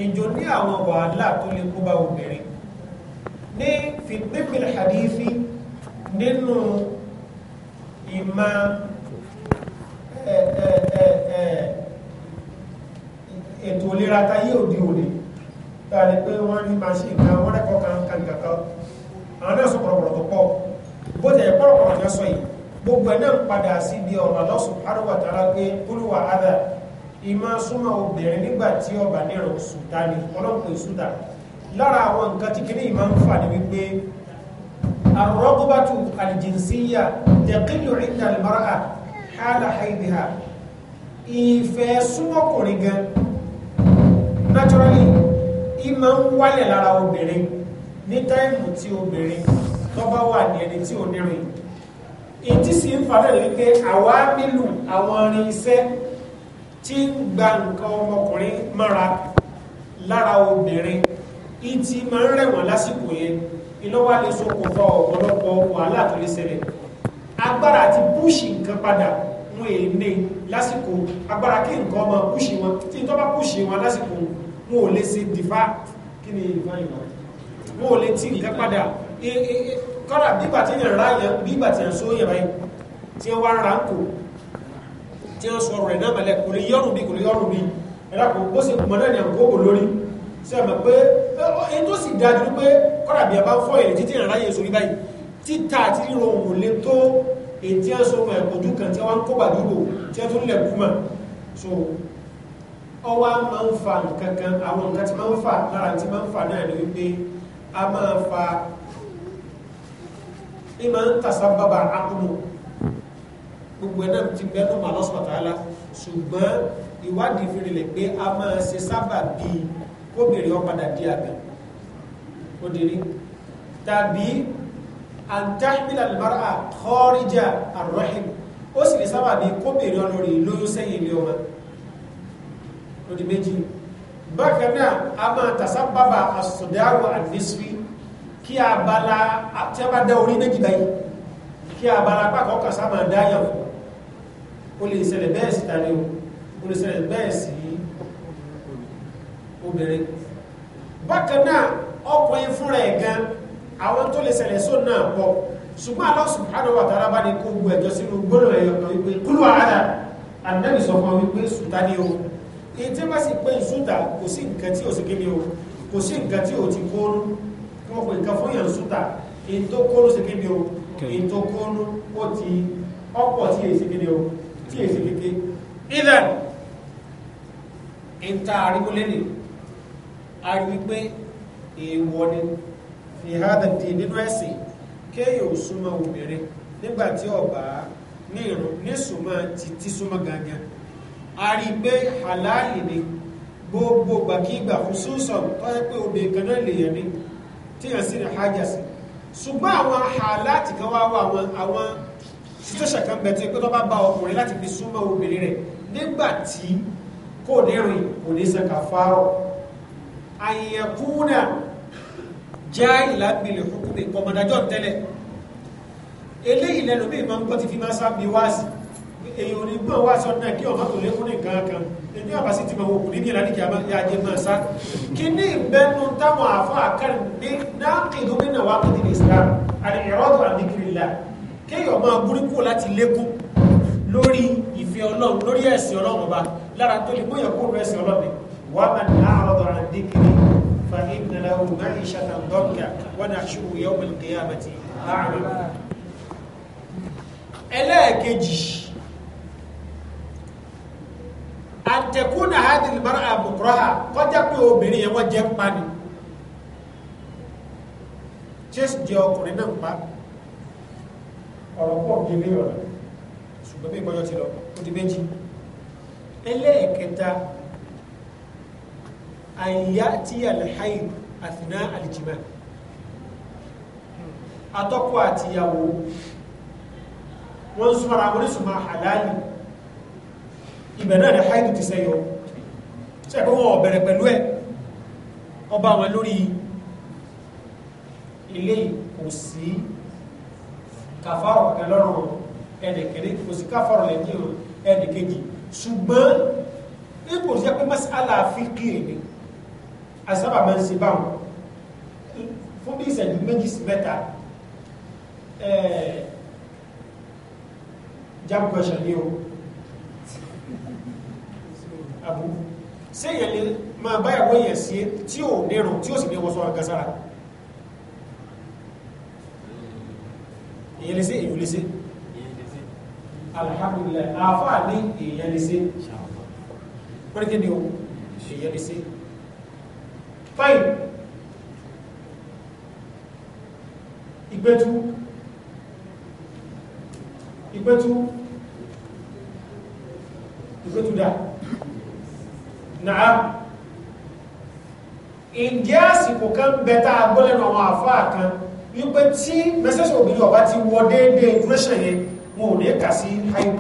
ìjọ ní àwọn wàhálà tó lè kó bá obìnrin ní fìdíbìl hadithi nínú ìmá ètò ìlera táyé òde òde tàbí pé wọ́n ní machine kan wọ́n rẹ́kọ̀ọ́ kan kan kankan àwọn náà sọ pọ̀rọ̀pọ̀rọ̀ tó pọ̀ bó tẹ̀ pọ̀rọ̀pọ̀rọ̀ tó sọ yìí gbogbo ẹ̀ náà padà sí ibi ọ̀rọ̀ Allah subhanahu wa pé kúlùwà adà ìmọ̀ súnmọ́ obìnrin nígbà tí ọba nírun sùtá ni ọlọ́pọ̀ sùtá lára àwọn nǹkan tí kìíní ìmọ̀ ń fà ní wípé arọ́gbọ́bátù alìjìnsíyà tẹ̀kílù ìdá alìmọ́ra naturally ìmọ̀ ń wálẹ̀ lára obìnrin ní táìmù tí obìnrin tó bá wà ní ẹni tí ò wípé àwa nílù àwọn irin iṣẹ́ tí ń gba nǹkan ọmọkùnrin mọ́ra lára obìnrin ìtì máa ń rẹ̀wọ̀n lásìkò yẹn ìlọ́wà lè ṣokùnfà ọ̀pọ̀lọpọ̀ wàhálà tó lè ṣẹlẹ̀ agbára àti búùṣì nǹkan padà wọn èyí ní lásìkò agbára kí nǹkan ọmọ búùṣì wọn tí tó bá búùṣì wọn lásìkò wọn ò lè ṣe dìfá kí ni ìfá ìwà wọn ò lè ti nǹkan padà kọ́dà bígbà tí yẹn ráyàn bígbà tí yẹn sóyàn báyìí tí wọ́n wá ra ń kò tí wọ́n sọ̀rọ̀ ẹ̀ náà mọ̀lẹ́ kò lè yọrùn bí kò lè yọrùn bí ẹ̀rọ kò bó ṣe kùmọ̀ náà ní àbúkò kò lórí ṣe àmọ̀ pé ẹni tó sì dájú pé kọ́dà bí a bá fọ́ èrè títí ìrànlá yẹn sórí báyìí títa àti tí wọ́n so ọwọ́ máa ń fa nǹkan kan àwọn nǹkan tí máa ń fa lára tí gbogbo ẹ̀ náà ti bẹ́nu màá lọ́sọ̀tà á la ṣùgbọ́n ìwádìí fi rinlẹ̀ pé a máa ṣe sábà bíi kóbìnrin ọ̀padà di àgbẹ̀ ó di rí tàbí àǹtáhìmìlà lùbárà kọ́ríjà àrọ́hìn ó sì lè sábà bíi kóbìnrin ọlọ́rin lóyún sẹ́yìn ilé ọmọ ó di méjì bákan náà a máa tàṣàbàbà àsọdáwò àdísírí kí abala tí a bá dá orí méjì báyìí kí abala apá sábà dá yàn ó lè ṣẹlẹ̀ bẹ́ẹ̀ sí tani o ó lè ṣẹlẹ̀ bẹ́ẹ̀ sí obìnrin bákan náà ọkùnrin fúnra ẹ̀ gan àwọn tó lè ṣẹlẹ̀ sóun náà pọ̀ ṣùgbọ́n Allah subhanahu wa ta'ala bá ní kó gbogbo ẹ̀jọ́ sínú gbọ́nà ẹ̀yọ̀kan wípé kúlù àádá àdábì sọ fún wípé sùtá ní o èyí tí bá sì pé sùtá kò sí nǹkan tí ò sì kéde o kò sí nǹkan tí ò ti kóónú wọn kò nǹkan fún yàn sùtá o èyí tó kóónú ó ti tí èsì kéke idan ìta àrígbólélè a rí wípé èèwọ̀ ni fi hádà di nínú ẹ̀sìn kéèyàn súnmọ́ obìnrin nígbà tí ọba ní ìrùn ní súnmọ́ títí súnmọ́ gangan a rí pé halali ni gbogbo gbàkígbà fún súnsọ̀n tó yẹ pé obìnrin kan náà lè yẹ ní tí yàn sí ní hajj halati kan wá wà àwọn situation kan bẹ̀ tó pé tó bá bá ọkùnrin láti fi súnmọ́ obìnrin rẹ̀ nígbà tí kò ní rìn kò ní san kàfárọ̀ àyẹ̀kúnà já ìlàgbìlẹ̀ hukumi kọmọdájọ́ tẹ́lẹ̀ eléyìí lẹ́nu bí ìmọ̀ ń gbọ́ ti fi máa sábì wáàsì èyàn ní gbọ́n wá sọ náà kí ọmọ tó lékún ní nǹkan kan ẹni àbá sí ti máa wò kù níbi ìlànà kí a jẹ máa sá kí ní ìbẹnu táwọn àfọ àkàrin ní náà kìlú nínú wa kò ní Islam àti ìrọ́dù kéèyàn máa burúkú láti lékún lórí ìfẹ́ ọlọ́run lórí ẹ̀sìn ọlọ́run ọba lára tó lè bóyá kó rẹ̀ ẹ̀sìn ọlọ́run wà á máa ná àwọn ọ̀rọ̀ àdékiri fa ìdílé ọ̀hún náà ìṣàtà dọ́kà wọn náà ṣubú yọ ọmọ ìgbéyà àbàtì láàrin ọ̀rọ̀ pọ̀ bí ilé ọ̀rọ̀ ṣùgbọ́n bí ìgbọ́jọ́ ti lọ ó di méjì ẹlẹ́ẹ̀kẹta àyà tí alhaid àfìná àlìjìmá atọ́kọ àtìyàwó wọ́n súnmọ́ ara wọn ní súnmọ́ àlàálì ibẹ̀ náà ni haid ti sẹ́yọ sẹ́kọ́ wọn ọ̀bẹ̀rẹ̀ pẹ̀lú ẹ̀ ọba wọn lórí ilé kò sí kàfàrọ̀ kankan lọ́rùn ẹnìkẹ́ni kò sí kàfàrọ̀ lẹ́yìn ẹnìkejì ṣùgbọ́n ipò sí pé masala fi kí èdè asábà máa ń ṣe báwọn fún bí ìṣẹ́jú méjì sí mẹ́ta jam question ni o abu ṣé èèyàn lè máa báyàwó èèyàn sí tí ò nírun tí ó sì ní wọ́n sọ èyàn lè ṣe èyàn lè ṣe alhamdulilayi àfa ní èyàn lè ṣe pẹ́lẹ́kẹ́ ni o èyàn lè ṣe fáyì ìgbẹ́tú ìgbẹ́tú ìgbẹ́tú dá náà ìjẹ́ àsìkò kan bẹ́ta agbọ́lẹ́nu àwọn àfáà kan wípé tí mẹsẹ̀sì obìnrin ọba ti wọ déédéé duration yẹn wọn ò ní kà sí haidu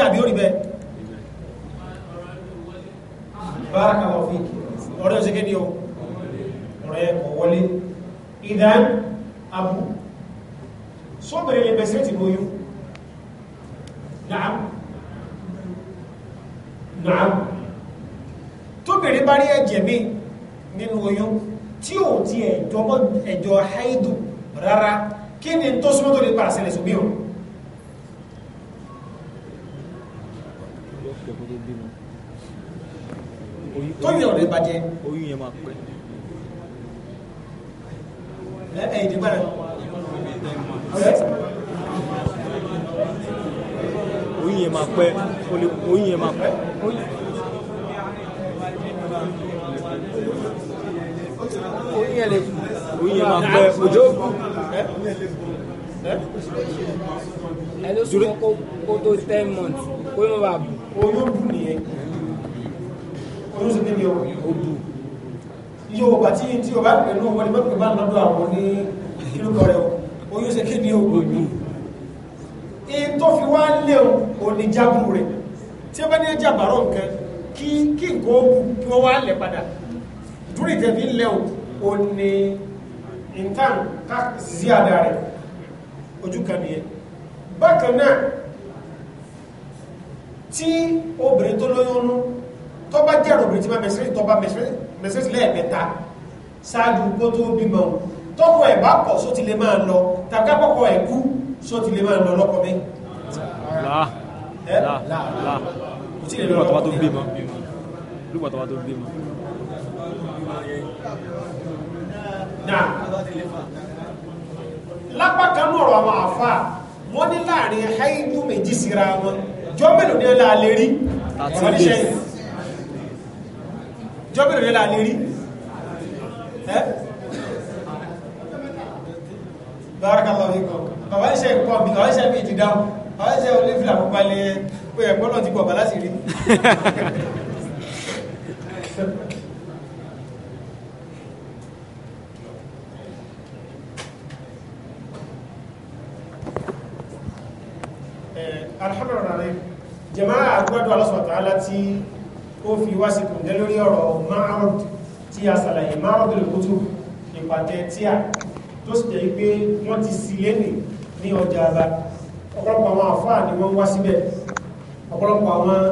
bẹ́ẹ̀ àbí ó rí bẹ́ẹ̀ tóyìn ọ̀rẹ́ bàjẹ́ oyún yẹn máa pẹ́ ẹ̀yìn nígbà rẹ̀ oyún yẹn máa pẹ́ oyún yẹn máa pẹ́. oyún yẹn lè oyún yẹn máa pẹ́ òjò ẹ ló sọ kó tó ten months kó má bàa oyún dùn nìyẹn oyún sì níbi odù yóò bá tí tí o bá pè ní owó ni mọ́pẹ́ bá lọ́dọ̀ àwọn ní kílùkọ rẹ̀ oyún sì kí ni odù in tó fi wá lé oníjàbù rẹ̀ tí a bá ní ẹjà bàárọ̀ nǹkan kí kí nǹkan ó bu kí wọ́n wá lẹ̀ padà dúró ìtẹ̀bí lẹ̀ o ní ìtàn ká sí àdá rẹ̀ ojú kan nìyẹn bákan náà tí obìnrin tó lóyún nú tó bá jẹ́ obìnrin tí máa mẹ̀sẹ̀rì tó bá mẹ̀sẹ̀rì lẹ́ẹ̀mẹ́ta ṣáájú kó tó bímọ tọ́kọ̀ ẹ̀ bá só ti lè máa lọ tàbí kọ́kọ́ ẹ̀ só ti lè máa lọ lọ́kọ mi. lúgbà tó bá wọ́n ní láàrin haidu méjì síra wọn jọ́ mélòó ní ẹlà lè rí wọ́n ní sẹ́yìn jọ́ mélòó ní ẹlà lè rí ẹ́ barakallahu fikum bàbá iṣẹ́ ìpọ̀ bí bàbá iṣẹ́ bí ti dáhùn bàbá iṣẹ́ olífìlà púpà lè pé ẹ̀gbọ́n náà ti pọ̀ bàlá sí rí jama'a àgbàdo alọ́sọ̀tà láti ó fi wá sí kùndẹ́ lórí ọ̀rọ̀ ma'arud tí a sàlàyé ma'arud lè kútù ìpàtẹ tíà tó sì jẹ́ pé wọ́n ti sí lẹ́nì ní ọjà àbá ọ̀pọ̀lọpọ̀ àwọn àfáà ni wọ́n wá síbẹ̀